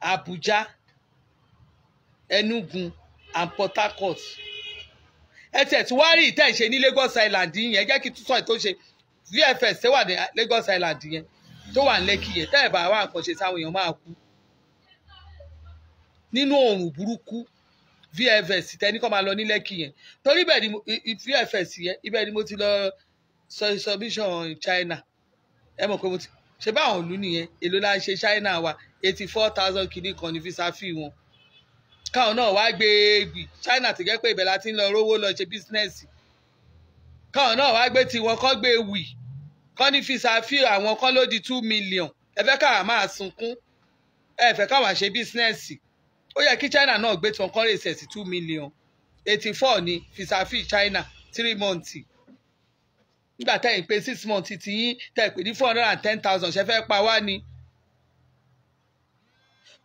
Abuja Enugu and Port Harcourt ẹ tẹ̀ tí wá rí ìtẹ̀ ṣe ní Lagos Island yìí yẹn jẹ́ kí tún sọ ètò ṣe VFS tó wà ní Lagos Island yẹn tó wà ní Lekki yẹn tẹ́lẹ̀ bá wà àkànṣe sáwọn èèyàn máa kú nínú oòrùn burúkú VFS tẹ́ni kọ́ máa lọ ní Lekki yẹn torí bẹ́ẹ̀ ni VFS yẹn ibẹ̀ ni mo ti lọ submission China ẹ mọ̀ pé mo ti ṣe báwọn ìlú nìyẹn èló la ṣe China wa eighty four thousand kìíní kan ní visa fee wọn káwọn náà wá gbé egbì China ti gẹ́ pé ibẹ̀ la ti ń lọ rówó lọ ṣe bísínẹ́sì káwọn náà wá gbé tiwọn kán gbé wì kán ní fi ṣàfihàn àwọn kan ló di two million ẹ fẹ́ káwa máa sunkún ẹ fẹ́ káwa ṣe bísínẹ́sì ó yẹ kí China náà gbé tiwọn kán rèsẹ̀ sí two million eighty four ni fi ṣàfihàn China three months nígbà tẹ́ ẹ̀ pé six months ti yín tẹ́ ẹ̀ pé ní four hundred and ten thousand ṣe fẹ́ pa wá ni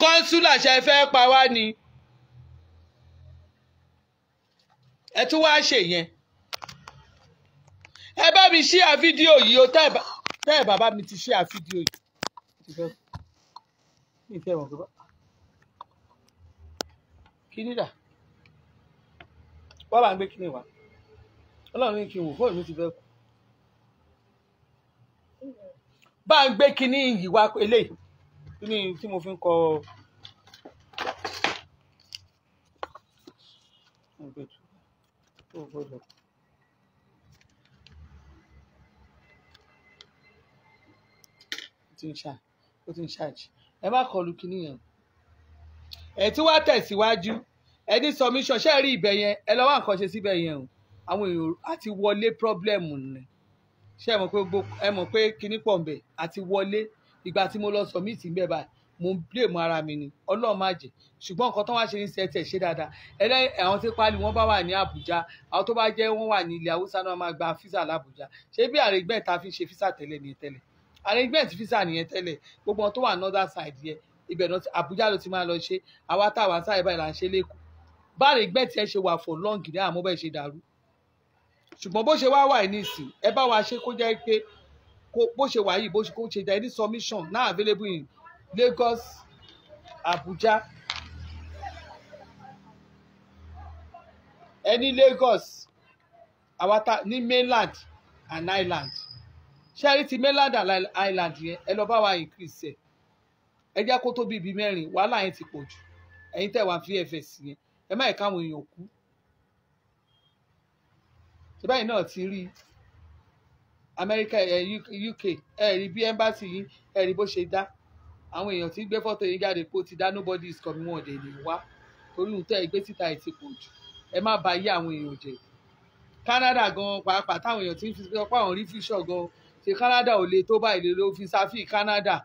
kọ́ńsúlà ṣe fẹ́ pa wá ni ẹ tún wá ṣèyẹn ẹ bá mi ṣí à fídíò yìí o tẹ́ ẹ bàbá mi ti ṣí à fídíò yìí. mi fẹ́ wọn gbọ́. kí ni dà wọ́n bá ń gbé kí ni wá ọlọ́run ní kí n wò fóònù mi ti fẹ́ kú. bá ń gbé kinní yìí wá eléyìí ní tí mo fi ń kọ. Thank you. ti ń ṣá ó ti ń ṣáàjì ẹ má kọlu kinní yẹn ẹ tí wàá tẹ̀síwájú ẹ ní submission ṣe rí ibẹ̀ yẹn ẹ lọ́wọ́ nǹkan ṣe síbẹ̀ yẹn o àwọn èèyàn àti wọlé problem ni ṣe mọ̀ pé gbogbo ẹ mọ̀ pé kinní pọ̀ nbẹ̀ àti wọlé ìgbà tí mo lọ submit ń bẹ̀ báyìí mo ń blame ara mi ni ọlọ́run má jẹ́ ṣùgbọ́n nǹkan tó wá ṣe ní sẹ́tẹ̀ ṣe dáadáa ẹlẹ́ àwọn tí pálí wọ́n bá wà ní àbújá àwọn tó bá jẹ́ wọ́n wà ní ilẹ̀ haúsá náà máa gba físà lábújá ṣé bí àrègbè ta fi ṣe físà tẹ́lẹ̀ ní tẹ́lẹ̀ arrangement visa nìyẹn tẹ́lẹ̀ gbogbo wọn tó wà northern side yẹn ibẹ̀ náà Àbújá ló ti máa lọ ṣe àwa táwa sáyẹ̀ báyìí là ń ṣe lẹ́kọ̀ọ́ bá arrangement yẹn ṣe wà for long ní àmọ́ bẹ́ẹ̀ ṣe dàrú ṣùgbọ́n bó ṣe wá wà ní ìsìn ẹ bá wa ṣe kó jẹ́ pé bó ṣe wà yìí bó ṣe kó ṣe jẹ́ any submission now available in Lagos Abuja ẹni Lagos àwa ta ní mainland and island ṣẹ́rí ti mainland island yẹn ẹ lọ bá wa increase ẹ ẹ jẹ́ kó tó bí ibi mẹ́rin wàhálà yẹn ti pọ̀ jù ẹ̀yin tẹ̀ wá VFS yẹn ẹ má yẹ káwọn èèyàn kú ṣé báyìí náà ti rí Amẹ́ríkà ẹ̀ UK ẹ̀ rí bí ẹ́mbáàsì yìí ẹ̀ rí bó ṣe dá àwọn èèyàn tí ń gbé fọ́tò yìí jáde pé ó ti dá nobody is coming wọn ò dẹ̀ wá torí ohun tẹ́ ẹ gbé síta ẹ̀ ti pọ̀ jù ẹ má bà yé àwọn èèyàn jẹ́ Canada gan pàápàá táwọn èèyàn ti ń fi sọ àwọn rí fíṣọ̀ gan ṣe Canada ò le tó báyìí ló fi sáfì Canada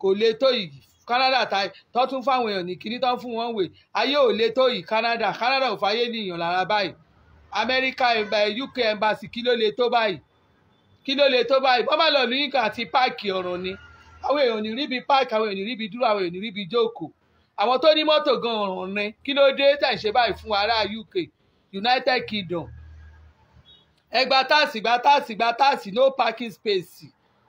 kò le tó yìí Canada ta tó tún fáwọn èèyàn ní kíní tó ń fún wọn wè ayé ò le tó yìí Canada Canada ò fàyè nìyàn lára báyìí America UK embassy kí ló le tó báyìí kí ló le tó báyìí bọ́ bá lọ ní nǹkan àti páàkì ọ̀ràn ni àwọn èèyàn ò ní ríbi páàkì àwọn èèyàn ò ní ríbi dúró àwọn èèyàn ò ní ríbi jókòó àwọn tó ní mọ́tò gan ọ̀ràn ni kí ló dé tẹ̀ ń ṣe báyìí fún ará UK United Kingdom ẹ gba táàsì gba táàsì gba táàsì no parking space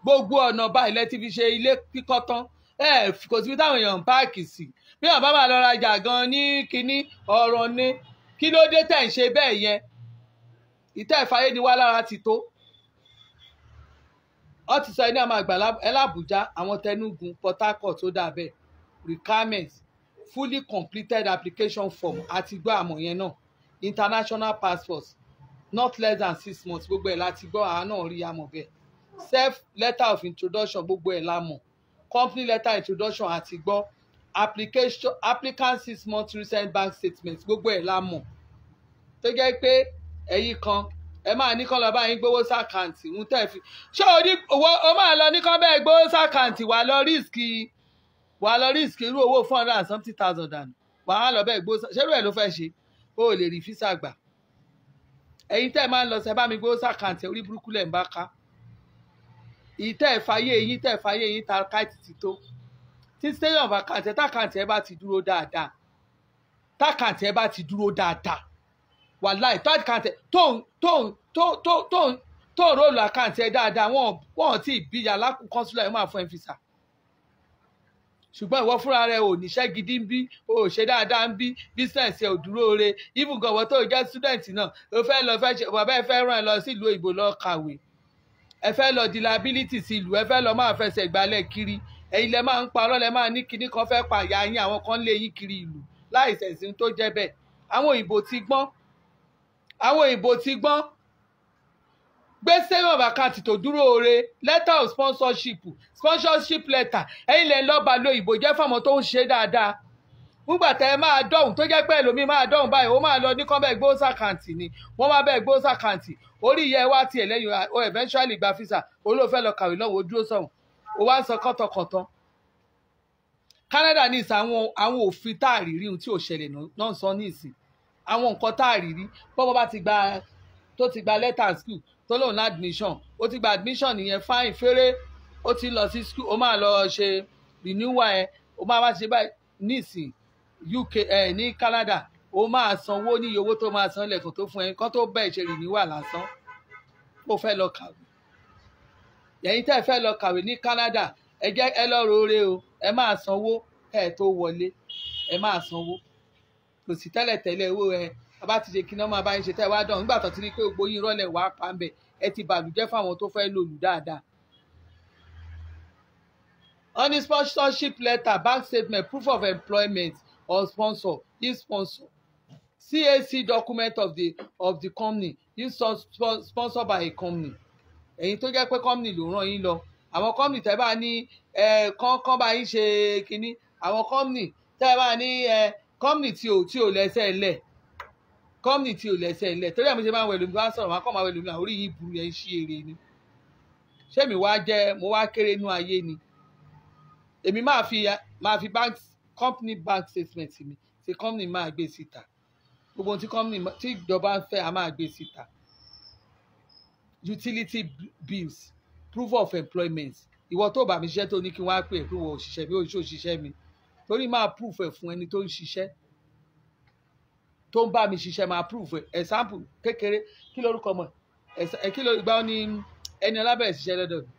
gbogbo ọ̀nà báyìí lẹ́tí fi ṣe ilé kíkọ́ tán ẹ kò síbi táwọn èèyàn ń páàkì sí bí wọn bá máa lọ rajà gan ní kinní ọ̀rọ̀ ni kí ló dé tẹ̀ ń ṣe bẹ́ẹ̀ yẹn ìtẹ́ ìfàyè ni wá lára ti tó ọ ti sọ ẹni àmà àgbà ẹlàbújá àwọn tẹnugun Port Harcourt tó dà bẹ́ẹ̀ requirement fully completed application form àti gbọ́ àmọ̀ yẹn náà international passport not less than six months gbogbo ẹ̀ láti gbọ́ àá náà rí amọ̀ bẹ́ẹ̀ self letter of introduction gbogbo ẹ̀ la company letter introduction àti gbọ́ application applicant six month recent bank statement gbogbo ẹ̀ la mọ̀ tó jẹ́ pé ẹ̀yìn kan ẹ máa ní kán lọ bá yín gbowó sàkáǹtì ń tẹ̀ fi ṣé o ní owó o máa lọ ní kán bẹ́ẹ̀ gbowó sàkáǹtì wà lọ rísìkì wà lọ rísìkì irú owó four hundred and something thousand and wà á lọ bẹ́ẹ̀ gbowó ṣé irú ẹ̀ ló fẹ́ ṣe o lè rí físà gbà ẹ̀yin tẹ́ ẹ máa ń lọ sẹ́ bá mi gbowó sàkàǹtì orí burúkú lẹ̀ ń bá ká èyí tẹ́ ẹ fàyè èyí tẹ́ ẹ fàyè èyí ta káìtì ti tó tí stéyàn bá kàǹtì ẹ tákàǹtì ẹ bá ti dúró dáadáa tákàǹtì ẹ bá ti dúró dáadáa wàláì tákàǹtì tó tó tó tó tó róòlù àkàǹtì ẹ dáadáa wọn wọn ti bí yàrá kú kọ́ńsúlà ẹ máa fún ẹ fìsà ṣùgbọ́n ìwọ fúnra rẹ ò níṣẹ́ gidi ń bí o ò ṣe dáadáa ń bí business ẹ ò dúró re even gan wọ́n tó jẹ́ student náà o fẹ́ lọ fẹ́ ṣe bàbá ẹ fẹ́ ràn ẹ lọ sí ìlú òyìnbó lọ kàwé ẹ fẹ́ lọ di liability sí ìlú ẹ fẹ́ lọ máa fẹsẹ̀ gbalẹ̀ kiri ẹ̀yin lẹ máa ń parọ́ lẹ máa ní kinní kan fẹ́ pa ìyá yín àwọn kan lé yín kiri ìlú láì sẹ̀sìn tó jẹ́ bẹ́ẹ̀ àwọn òyìnbó ti gbọ́n àwọn òyìnbó ti gbọ́n gbé saving of account tó dúró oore letter of sponsorship sponsorship letter ẹ̀yin lè lọ́ọ́ bá lo ìbò jẹ́ fáwọn tó ń ṣe dáadáa nígbà tẹ ẹ máa dọ̀hún tó jẹ́ pé ẹlòmíì máa dọ̀hún báyìí ó máa lọ ní kán bẹ́ẹ̀ gbóòsà kàǹtì ni wọ́n máa bẹ́ẹ̀ gbóòsà kàǹtì orí ìyá ẹ wá tiẹ̀ lẹ́yìn o eventually gba fisa olóòfẹ́ lọ kàwé lọ́wọ́ ojú ó sọ̀hún o wá ń sọ kọ́tọ̀kọ̀tọ̀. Canada ní ìsà àwọn àwọn òfin tá a rí rí tí ò ṣẹlẹ̀ náà sọ ní ìsìn àwọn nǹkan tá a rí rí bọ́bọ́ bá ti gba tó ti gba letter tó lòun ní admission ó ti gba admission nìyẹn fine fèrè ó ti lọ sí school ó máa lọ ṣe renewal ẹ ó máa wá ṣe báyìí nísìn UK ẹ ní Canada ó máa sanwó ní iye owó tó máa san lẹ́kùn tó fún ẹ nǹkan tó bẹ́ẹ̀ ṣe renewal lásán ó fẹ́ lọ kàwé ẹ̀yin tẹ́ fẹ́ lọ kàwé ní Canada ẹ jẹ́ ẹ lọ rore o ẹ máa sanwó kẹ́ ẹ tó wọlé ẹ máa sanwó kò sí tẹ́lẹ̀tẹ́lẹ̀ owó ẹ bàbá ti ṣe kíná máa bá yín ṣe tẹ́ wá dán nígbà tó ti rí i pé gbogbo yín wá pa ń bẹ̀ ẹ ti bàlùjẹ́ fáwọn tó fẹ́ lòlù dáadáa. on sponsorship letter bank statement proof of employment or sponsor if sponsor CAC document of the of the company if sponsored by a company ẹ̀yin tó jẹ́ pé company ló ràn yín lọ àwọn company tẹ́ bá ní kán bá yín ṣe kínní àwọn company tẹ́ bá ní company tí ò tí ò lẹ́sẹ̀ ńlẹ̀ kọ́mìnì tí ò lẹ́sẹ̀ ńlẹ̀ torí àmì ṣe máa ń wẹ̀ lómi wá sọ̀rọ̀ wọn kọ́ máa wẹ̀ lómi àwọn orí yìí burú yẹn ń ṣí eré ni ṣé mi wá jẹ́ mo wá kéré nú ayé ni èmi máa fi máa fi bank company bank statement mi tí company máa gbé síta gbogbo tí company tí ìjọba ń fẹ́ a máa gbé síta utility bills proof of employment ìwọ tó bá mi ṣiṣẹ́ tó ní kí wọ́n á pè é pé wọ́n òṣìṣẹ́ mi òṣìṣẹ́ mi torí máa proof ẹ̀ fún ẹni tó ń ṣiṣẹ́ tó ń bá mi ṣiṣẹ́ máa prove example kékeré kí lórúkọ mọ̀ ẹ̀ kí lórúkọ gbá ní ẹni ọlábẹ̀rẹ̀ ṣiṣẹ́ lọ́dọ̀ mi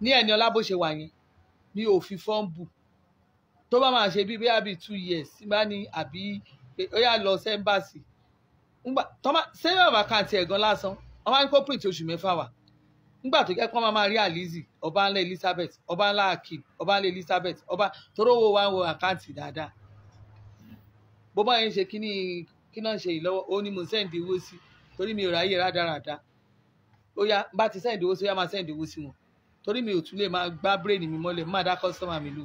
ní ẹni ọlá ṣe wà yẹn mi ò fi fọ́n bù tó bá máa ṣe two years bá ní àbí ó yà lọ sẹ́ńbàṣì sẹ́yìn ọ̀bà kan àti ẹ̀gán lásán print oṣù mẹ́fà wà nígbà tó jẹ́ ma máa ọba ńlá Elizabeth ọba ńlá Akeem ọba ńlá Elizabeth ọba tó rówó ń bó bá yẹn ṣe kíní kí náà ṣe ìlọ́wọ́ ó ní mo sẹ́ǹdì owó sí torí mi ò ráyè rádaràda ó yá bá ti sẹ́ǹdì owó sí yá máa sẹ́ǹdì owó sí wọn torí mi ò tún lè máa gbá bírèèdì mi mọ́lẹ̀ má dá kọ́sítọ́mà mi lù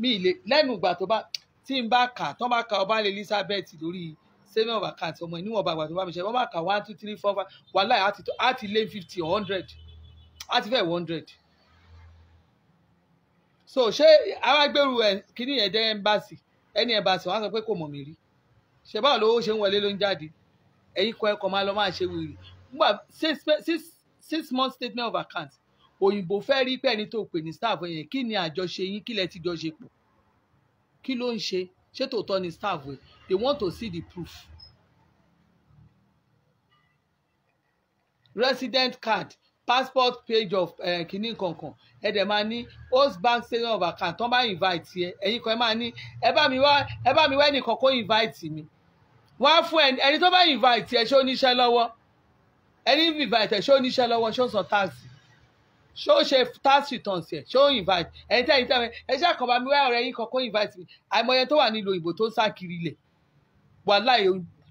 mi ìlè lẹ́nu ìgbà tó bá tí n bá kà tán bá ka ọba lè Elizabeth lórí seven of account ọmọ ẹ níwọ̀n bàgbà tó bá mi ṣe wọ́n bá kà one two three four five wàhálà àti lé fifty or hundred àti fẹ́ one hundred so ṣé awágbèrú ẹ kíní yẹn dé ẹmbàsì ẹni ẹmbàsì wọn á sọ pé kò mọ̀ mí rí ṣe báwo lówó ṣe ń wọlé ló ń jáde ẹ̀yin kọ ẹ̀kọ́ máa lọ máa ṣe wìrì nígbà six six six month statement of account òyìnbó fẹ́ rí pé ẹni tó pè ní staff yẹn kí ni àjọṣe yín kí lẹ ti jọ pọ̀ kí ló ń ṣe ṣé tòótọ́ ni staff yẹn they want to see the proof. resident card passport page of uh, kìíní kankan ẹ dẹ̀ máa ní host bank statement of account tó ń bá invite yẹ ẹ̀yin kan ẹ máa ní ẹ bá mi wá ẹ bá mi wá ẹnìkan kó invite mi wọ́n á fún ẹni tó bá invite ẹ ṣé ó níṣẹ́ lọ́wọ́ ẹni invite ẹ ṣé ó níṣẹ́ lọ́wọ́ ṣé ó san tax ṣé ó ṣe tax returns ẹ ṣé ó invite ẹni tẹ́yìn tẹ́yìn ẹ ṣe àkànbá mi wá ọ̀rẹ́ yín kan invite mi àìmọye tó wà nílò ìbò tó ń sá kiri ilẹ̀ wàhálà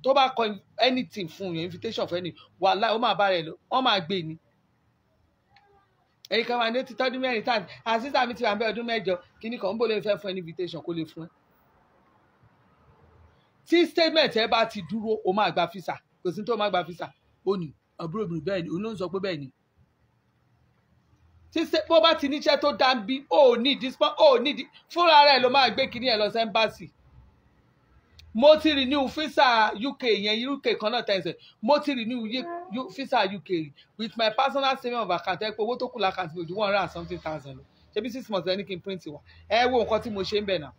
tó bá kọ anything fún yàn invitation fún ẹni wàhálà ó máa bá rẹ lọ wọ́n máa gbé ni èyí kan wà ní ti tọ́dún mẹ́rin tàbí àṣìṣà mi ti wà ń bẹ ọdún mẹ́jọ kíní kan ń bò lè fẹ́ fún ẹ ní invitation kó lè fún ẹ. tí statement ẹ bá ti dúró o máa gba fisa kò sí tó máa gba fisa ó ní àbúrò mi bẹ́ẹ̀ ni òun ló ń sọ pé bẹ́ẹ̀ ni. tí bó bá ti níṣẹ́ tó dá ń bí ó ní ìdí fúnra rẹ̀ ló máa gbé kíní ẹ̀ lọ sẹ́ńbàṣì mo ti renew visa UK yẹn UK kan náà tẹ̀sán mo ti renew visa UK with my personal saving of account ẹ pé owó tó kù lákàtí mi ò ju one hundred and something thousand lọ ṣe bí six months ẹ ní kí n print wa ẹ wo nǹkan tí mo ṣe ń bẹ̀ náà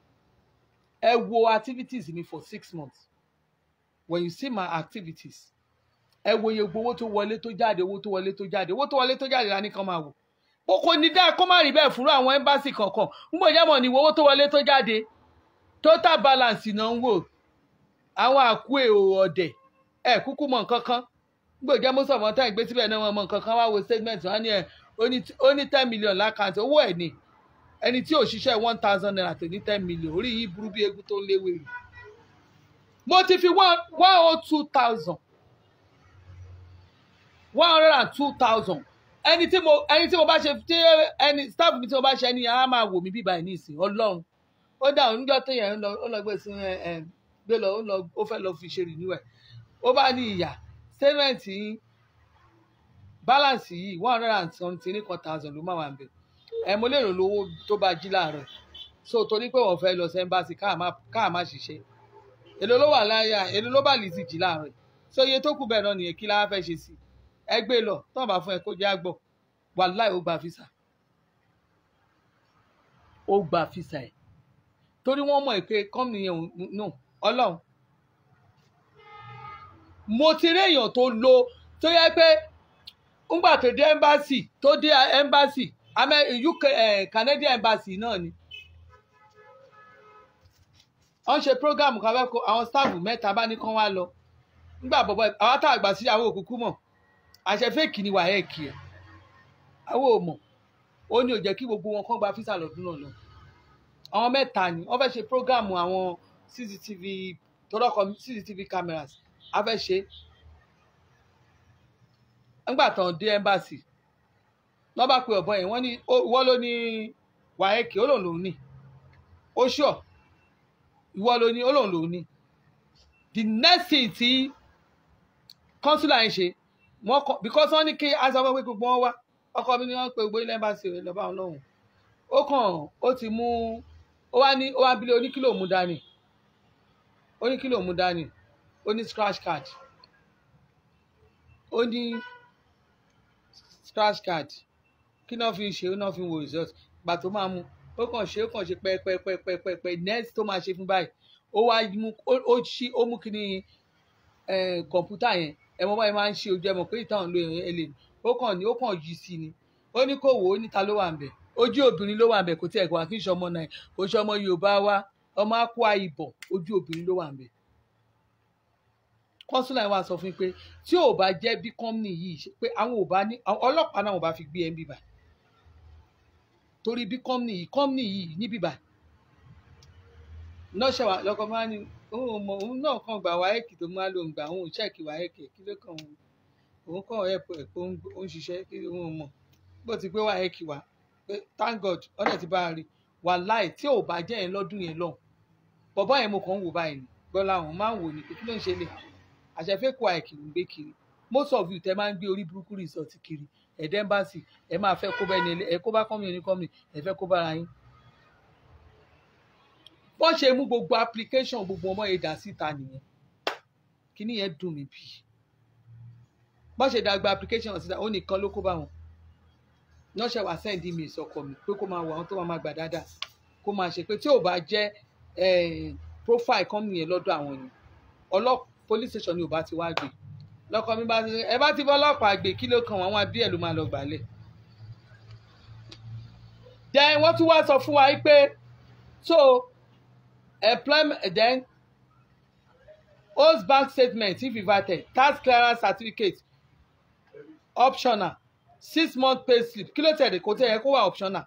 ẹ wo activities mi for six months when you see my activities ẹ wo iye gbowó tó wọlé tó jáde owó tó wọlé tó jáde owó tó wọlé tó jáde la ní kan máa wò ó kò ní dáa kó má rí bẹ́ẹ̀ fúnra àwọn ẹ́mbáàsì kọ̀ọ̀kan ń bọ̀ jẹ́mọ̀ ní owó tó wọlé tó jáde total balance náà ń wò àwọn àkú èrò e ọ̀dẹ̀ ẹ̀ kúkú mọ̀ nǹkan kan gbòjẹ́ mọ́sọ̀ mọ́ tá ìgbé síbẹ̀ náà wọ́n mọ̀ nǹkan kan wá wo statement wọn ni ẹ̀ ó ní ten million lákàntì owó ẹ̀ ni ẹni tí ò ṣiṣẹ́ one thousand naira tó ní ten million orí yìí burú bí egun tó ń léwé rè mo ti fi one one oh two thousand one hundred and two thousand ẹni tí mo ẹni tí mo bá ṣe tí ẹni staff mi tí mo bá ṣe ẹni yẹn á máa wò mí bíbá ẹ̀ ní ìsìn ọlọ́run ó dáhùn níjọ́ tó yẹn ń lọ gbé sí ẹ ẹ gbé lọ ó lọ ó fẹ́ lọ fi ṣe rìnú ẹ̀ ó bá ní ìyá statement yín balance yìí one hundred and something ní kan thousand ló máa wà ń bẹ̀ ẹ̀ mo lérò lówó tó bá jí láàárọ̀ so torí pé wọ́n fẹ́ lọ sẹ́ńbàṣì káà má ṣiṣẹ́ èló ló wà láyà èló ló bá lè ti jì láàárọ̀ so iye tó kù bẹ́ẹ̀ náà nìyẹn kí láwa fẹ́ ṣe sí ẹ gbé lọ tán bá fún ẹ kó jẹ́ àgbọ̀ wàláì ó gba fisa ó gba fisa ẹ̀ torí wọ́n mọ̀ pé kọ́mìnì yẹn náà ọlọ́run mo ti rí èèyàn tó lo tó yẹ pé ńgbà tó dé embassy tó dé embassy UK Canadian embassy náà ni wọ́n ṣe program kan fẹ́ kó àwọn staff mẹ́ta bá ní kán wá lọ nígbà bọ̀bọ̀ àwọn tá a gbà sí àwọn òkúkú mọ̀ àṣẹ fẹ́ẹ̀kì ni wàá ẹ̀kì ẹ̀ àwọn ò mọ̀ ó ní ò jẹ́ kí gbogbo wọn kán gba físà lọ́dún náà lọ àwọn mẹ́ta ni wọ́n fẹ́ ṣe program àwọn. Àwọn CCTV tọ́lọ́kọ CCTV cameras a fẹ́ ṣe nígbà tán dé embassy lọ́ba pe ọ̀bọ yẹn wọ́n ní wọ́n ló ní wàhẹ́kì ó lòun lòun ní ó ṣọ̀ ìwọ ló ní ó lòun lòun the next thing tí consular yẹn ṣe wọ́n kọ because wọ́n ní kí asọ́gbọ́n pé gbogbo wọn wá ọkọ mi ni wọ́n pe gbogbo ilé embassy rẹ̀ lọ́ba ọlọ́run ó kàn ó ti mú ó wá ní ó wá bílẹ̀ oníkìlò mú dání ó ní kí ló mú dání ó ní scratch card ó ní scratch card kí náà fi ṣe ó náà fi wo result gbà tó máa mu ó kàn ṣe ó kàn ṣe pẹpẹpẹpẹpẹ next tó máa ṣe fún báyìí ó wá mú ó ṣí ó mú kí ni kọ̀ǹpútà yẹn ẹ mọ báyìí máa ń ṣe ojú ẹ mọ̀ pé ìtàn ló ẹ lè ó kàn ní ó kàn yí sí ni ó ní kò wò ó níta ló wà ń bẹ ojú obìnrin ló wà ń bẹ kò tí ẹ wà kí n ṣọmọ náà kò ṣọmọ Yorùbá wa ọmọ akwa ibọ ojú obìnrin ló wà ń bẹ kọ́nsúlà wa sọ fún mi pé tí ò bá jẹ́ bí kọ́mìnì yìí pé àwọn ò bá ní ọlọ́pàá náà ò bá fi gbé ẹ̀ ń bíbà torí bí kọ́mìnì yìí kọ́mìnì yìí ní bíbà nọ́ọ̀ṣẹ̀ wa lọ́kọ̀ máa ní òun mọ̀ òun náà kàn gbà wáyéèkì tó máa lò ń gbà òun ṣẹ́ẹ̀kì wáyéèkì kí ló kàn òun òun kàn ẹ̀pọ̀ ẹ̀pọ̀ òun ṣiṣẹ́ kí òun mọ̀ bó ti gbé wáyéèkì wá thank God ọ̀dẹ̀ ti bá a rí wàláì tí ò bá jẹ́ yẹn lọ́dún yẹn lọ́hùn bọ̀bọ́ yẹn mo kàn ń wò báyìí ni gbọ́lá òun máa ń wò ní kí ló ń ṣe lè àṣẹfẹ́kọ̀ọ́ àìkì ń gbé kiri most of you tẹ máa ń gbé orí burúkú resort kiri ẹ̀dẹ́ embassy ẹ máa fẹ́ kó bá ẹni ẹ kó bá kọ́mí oní kọ́mí ẹ fẹ́ kó bára yín. wọ́n ṣe mú gbogbo application gbogbo ọmọ yẹn dà síta nìyẹn kíní yẹn dùn mí bí. wọ́n ṣe dàgbà application síta ó nìkan ló kó bá wọn. wọ́n ṣe wá send email sọkọ mi pé kó máa wọ àwọn tó máa gbà dáadáa kó máa ṣe pé tí ò bá jẹ́ Eh, profile company yẹn lọ́dọ̀ àwọn yẹn ọlọ́ police station ni ò bá ti wá gbé lọ́kọ mi bá ti ẹ bá ti bọ́ ọlọ́pàá gbé kí ló kan wọn àwọn abíyẹ̀ ló máa lọ gbàlẹ̀. then wọ́n tún wá sọ fún wa pé so employment then holds bank statement if invited tax clearance certificate optional six month pay slip kí ló tẹ̀lé kó tẹ̀lé kó wà optional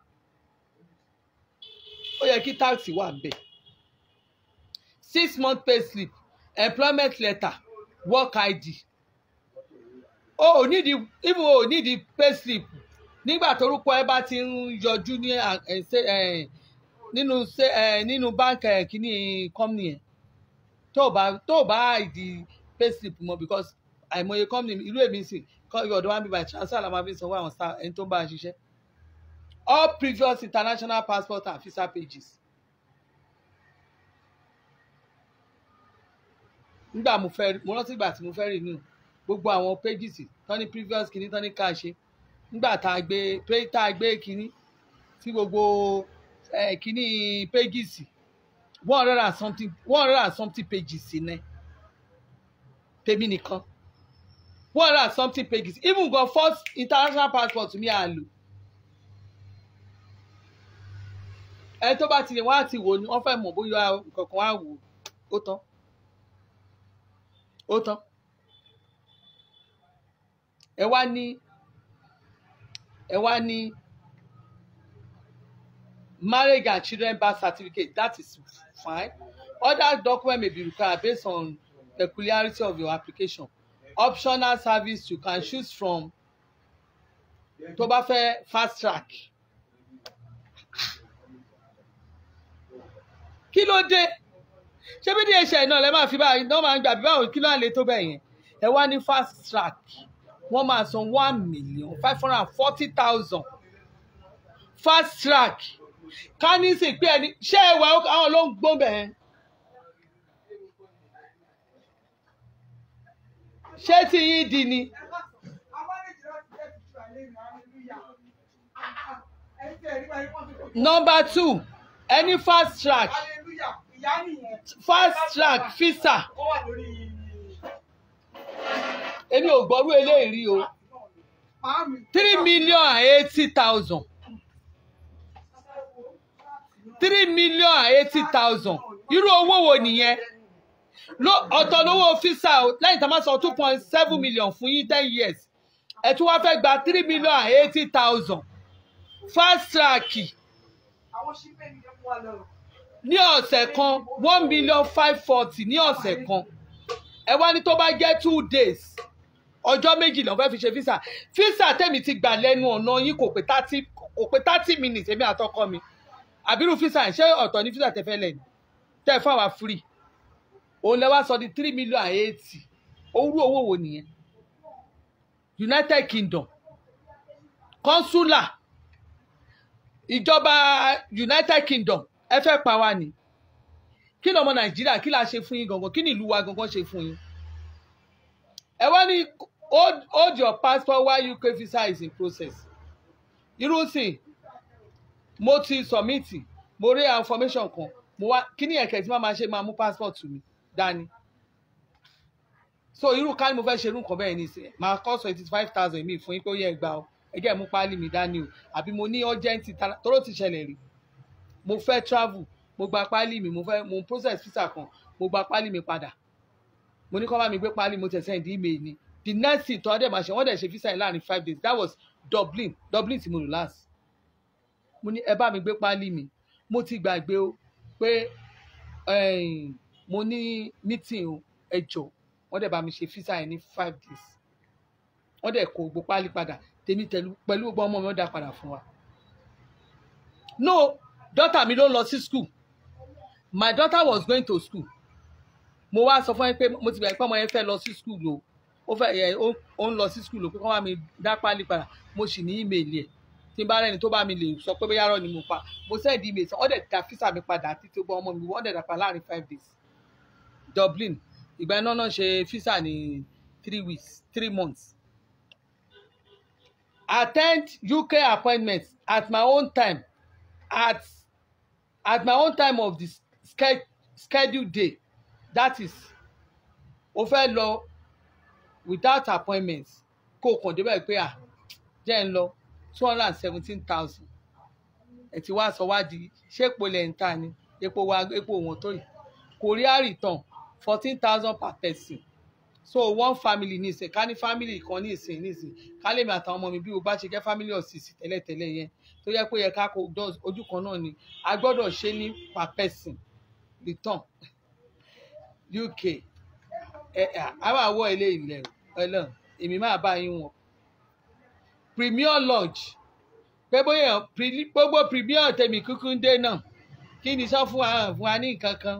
ó yẹ kí táàsì wà bẹ́ẹ̀ six month pay slip employment letter work id o need nídìí even o need nídìí pay slip nígbà torúkọ ẹ bá ti ń yọjú ní eh, eh, eh, nínú nínú báńkì kìíní company yẹn tó o bá tó o bá ìdí pay slip mọ́ because àìmọye company irú èmi sì yọ ọ̀dọ̀ wa ń bí by transfer la máa fi sanwó àwọn ẹni tó ń bá a ṣiṣẹ́ all previous international passport and visa pages nígbà mo fẹ́ mo rántí ìgbà tí mo fẹ́ renew gbogbo àwọn pages tán ní previous kìíní tán ní ká ṣe nígbà tá a gbé play tá a gbé kìíní tí gbogbo kìíní pages one hundred and something one hundred and something pages ní tèmi nìkan one hundred and something pages even go first international passport mi à lò ẹ tó bá ti lè wá àti wò ni wọ́n fẹ́ mọ̀ bóyá nǹkan kan á wò ó tán ó tán ẹ wá ní ẹ wá ní marriage and children birth certificate that is fine other document may be required based on peculiarity of your application optional service you can choose from tó bá fẹ́ fast track kí ló dé ṣé bí DHL náà lẹ máa fi báyìí náà máa ń gbà bí báwo kí náà lè tó bẹ́ẹ̀ yẹn ẹ wá ní fast track wọ́n máa san one million five hundred and forty thousand fast track ká ní sì pé ẹni ṣé ẹ wà àwọn ló ń gbọ́n bẹ́ẹ̀. ṣé ti yín di ni. number two any fast track fast track Fisa. èmi ò gbọ́rú eléyìí rí o three million and eighty thousand three million and eighty thousand irú owó wo nìyẹn ọ̀tọ̀ lówó fisa o lẹ́yìn tá a máa sọ two point seven million fún yín ten years ẹ tún wá fẹ́ gba three million and eighty thousand fast track. àwọn ṣí pé mi ló mú wa ní ọ̀sẹ̀ kan one million five forty ní ọ̀sẹ̀ kan ẹ wá ní tó bá jẹ́ two days ọjọ́ méjì ló fẹ́ fi ṣe visa. físà tèmi ti gbà lẹ́nu ọ̀nà yín kò pé thirty kò pé thirty minutes èmi àtọkọ mi àbírú físà ṣé ọ̀tọ̀ ní físà tẹ́fẹ́ lẹ̀ tẹ́ fún àwa free òun lẹ wá sọ di three million and eighty owó owó wo nìyẹn United Kingdom consular ìjọba United Kingdom ẹ fẹ́ pa wá ni kí lọmọ nàìjíríà kí la ṣe fún yín gangan kí ni ìlú wa gangan ṣe fún yín ẹ wá ní hold your passport while you visa is in process irú sìn mo ti submit mo rí information kan mo wá kí ni ẹ̀kẹ́ tí má máa ṣe máa mú passport mi dání so irú ká ni mo fẹ́ ṣe irú nǹkan bẹ́ẹ̀ ni sìn máa kọ́ sọ eighty five thousand mi fún yín pé ó yẹ gbà ó ẹgbẹ́ mú páálí mi dání o àbí mo ní urgent tóró ti ṣẹlẹ̀ rí mo fẹ́ travel mo gba páálí mi mo fẹ́ mo process visa kan mo gba páálí mi padà mo ní kó bá mi gbé páálí mo tẹ̀sẹ̀ ìdí email ni the next thing tọ́ dẹ̀ máa ṣe wọ́n dẹ̀ ṣe visa yìí láàrin five days that was Dublin Dublin tí mo lò last mo ní ẹ bá mi gbé páálí mi mo ti gbàgbé o pé eh, mo ní meeting o ẹ jọ wọ́n dẹ̀ bá mi ṣe visa yìí ní five days wọ́n dẹ̀ kó gbó páálí padà tèmi pẹ̀lú gbogbo ọmọ mi ó dá padà fún wa. no daughter mi ló lọ sí school my daughter was going to school mo wá sọ fún yín pé mo ti gbà pé ọmọ yẹn fẹ́ lọ sí school o ó fẹ́ ẹ ó ń lọ sí school o pé kọ́ bá mi dá páálí padà mo sì ní ímeèlì ẹ̀ tí n bá rẹ́ni tó bá mi lè sọ pé bóyá rọ ni mo pa mo sẹ́ẹ̀dì ímeèlì sọ ọ̀dẹ̀ dá físà mi padà àti tí ó gbọ́ ọmọ mi wọ́n dẹ̀ dà láàrin five days Dublin ìgbà iná náà ṣe físà ní three weeks three months attend UK appointments at my own time at at my own time of the scheduled day that is o fẹ́ lọ without appointment kó o kàn débẹ̀ pé à jẹ́ ń lọ two hundred and seventeen thousand ẹ̀ ti wá sọ wá di ṣé epo lẹ̀ ń ta ni epo wa epo wọn tó yìí korea return fourteen thousand per person so one family ní ìsìn ká ní family kan ní ìsìn ní ìsìn ká lè mi àtàwọn ọmọ mi bí o bá ṣe jẹ́ family of six tẹ́lẹ̀tẹ́lẹ̀ yẹn tó yẹ kó yẹ ká kó ojú kan náà ni a gbọ́dọ̀ ṣe ní per person return UK àwa wọ ilé ilẹ̀ ọlọ́run èmi máa bá yín wọn premier lodge pé bóyá gbogbo premier tèmi kúkú ń dé náà kí ni sọ fún wa fún wa ní nǹkan kan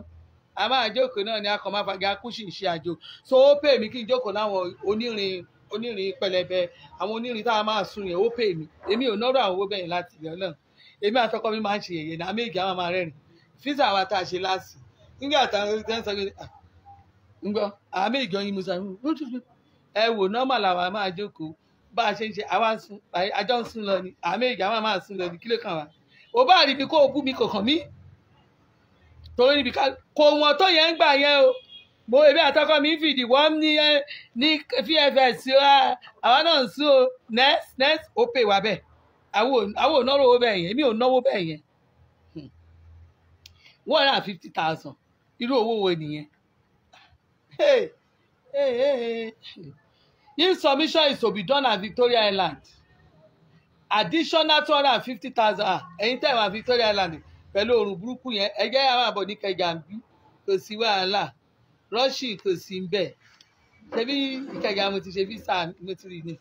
a máa náà ni a kàn máa fagi akúṣì ṣe àjò so ó pè mí kí n jókòó láwọn onírin onírin pẹlẹbẹ àwọn onírin tá a máa sun yẹn ó pè mí èmi ò nọ́rọ̀ àwọn owó bẹ́yẹn láti ilẹ̀ ọlọ́run èmi àtọkọ mi máa ń ṣe yẹ̀yẹ̀ náà méjì àwọn máa rẹ́rìn fíìsà wa tá a ṣe láàsì nígbà táwọn ẹni sọ pé ń gbọ́ àwọn méjì ọyìn musa ẹ wò nọ́mà làwọn máa jókòó bá a ṣe ń ṣe àjọ ń sun lọ ni àwọn méjì àwọn máa sun lọ ni kí ló kàn wá ò bá rí ibi kó o bú mi kọ̀ọ̀kan mi torí ibi kó wọn tó yẹn ń gbà yẹn o mo ebi àtọkọ mi fìdí wọn ní eh, ní pfs wa ah, àwa náà ń sún o next next ó pè wá bẹ́ẹ̀ àwọn ò náwó owó yẹn èmi ò náwó bẹ́ẹ̀ yẹn hmm. one hundred and fifty thousand irú owó wo nìyẹn if submission is to be done at Victoria Island additional two hundred and fifty thousand ah, ẹ̀yin tẹ̀ Victoria Island pẹ̀lú òrùn burúkú yẹn ẹ̀jẹ̀ àwọn àbọ̀ ní kẹjà ń bí kò sí wàhálà rọ́ọ̀ṣì kò sí ń bẹ̀ ṣebí Ìkẹjà mo ti ṣe visa mo ti rí ni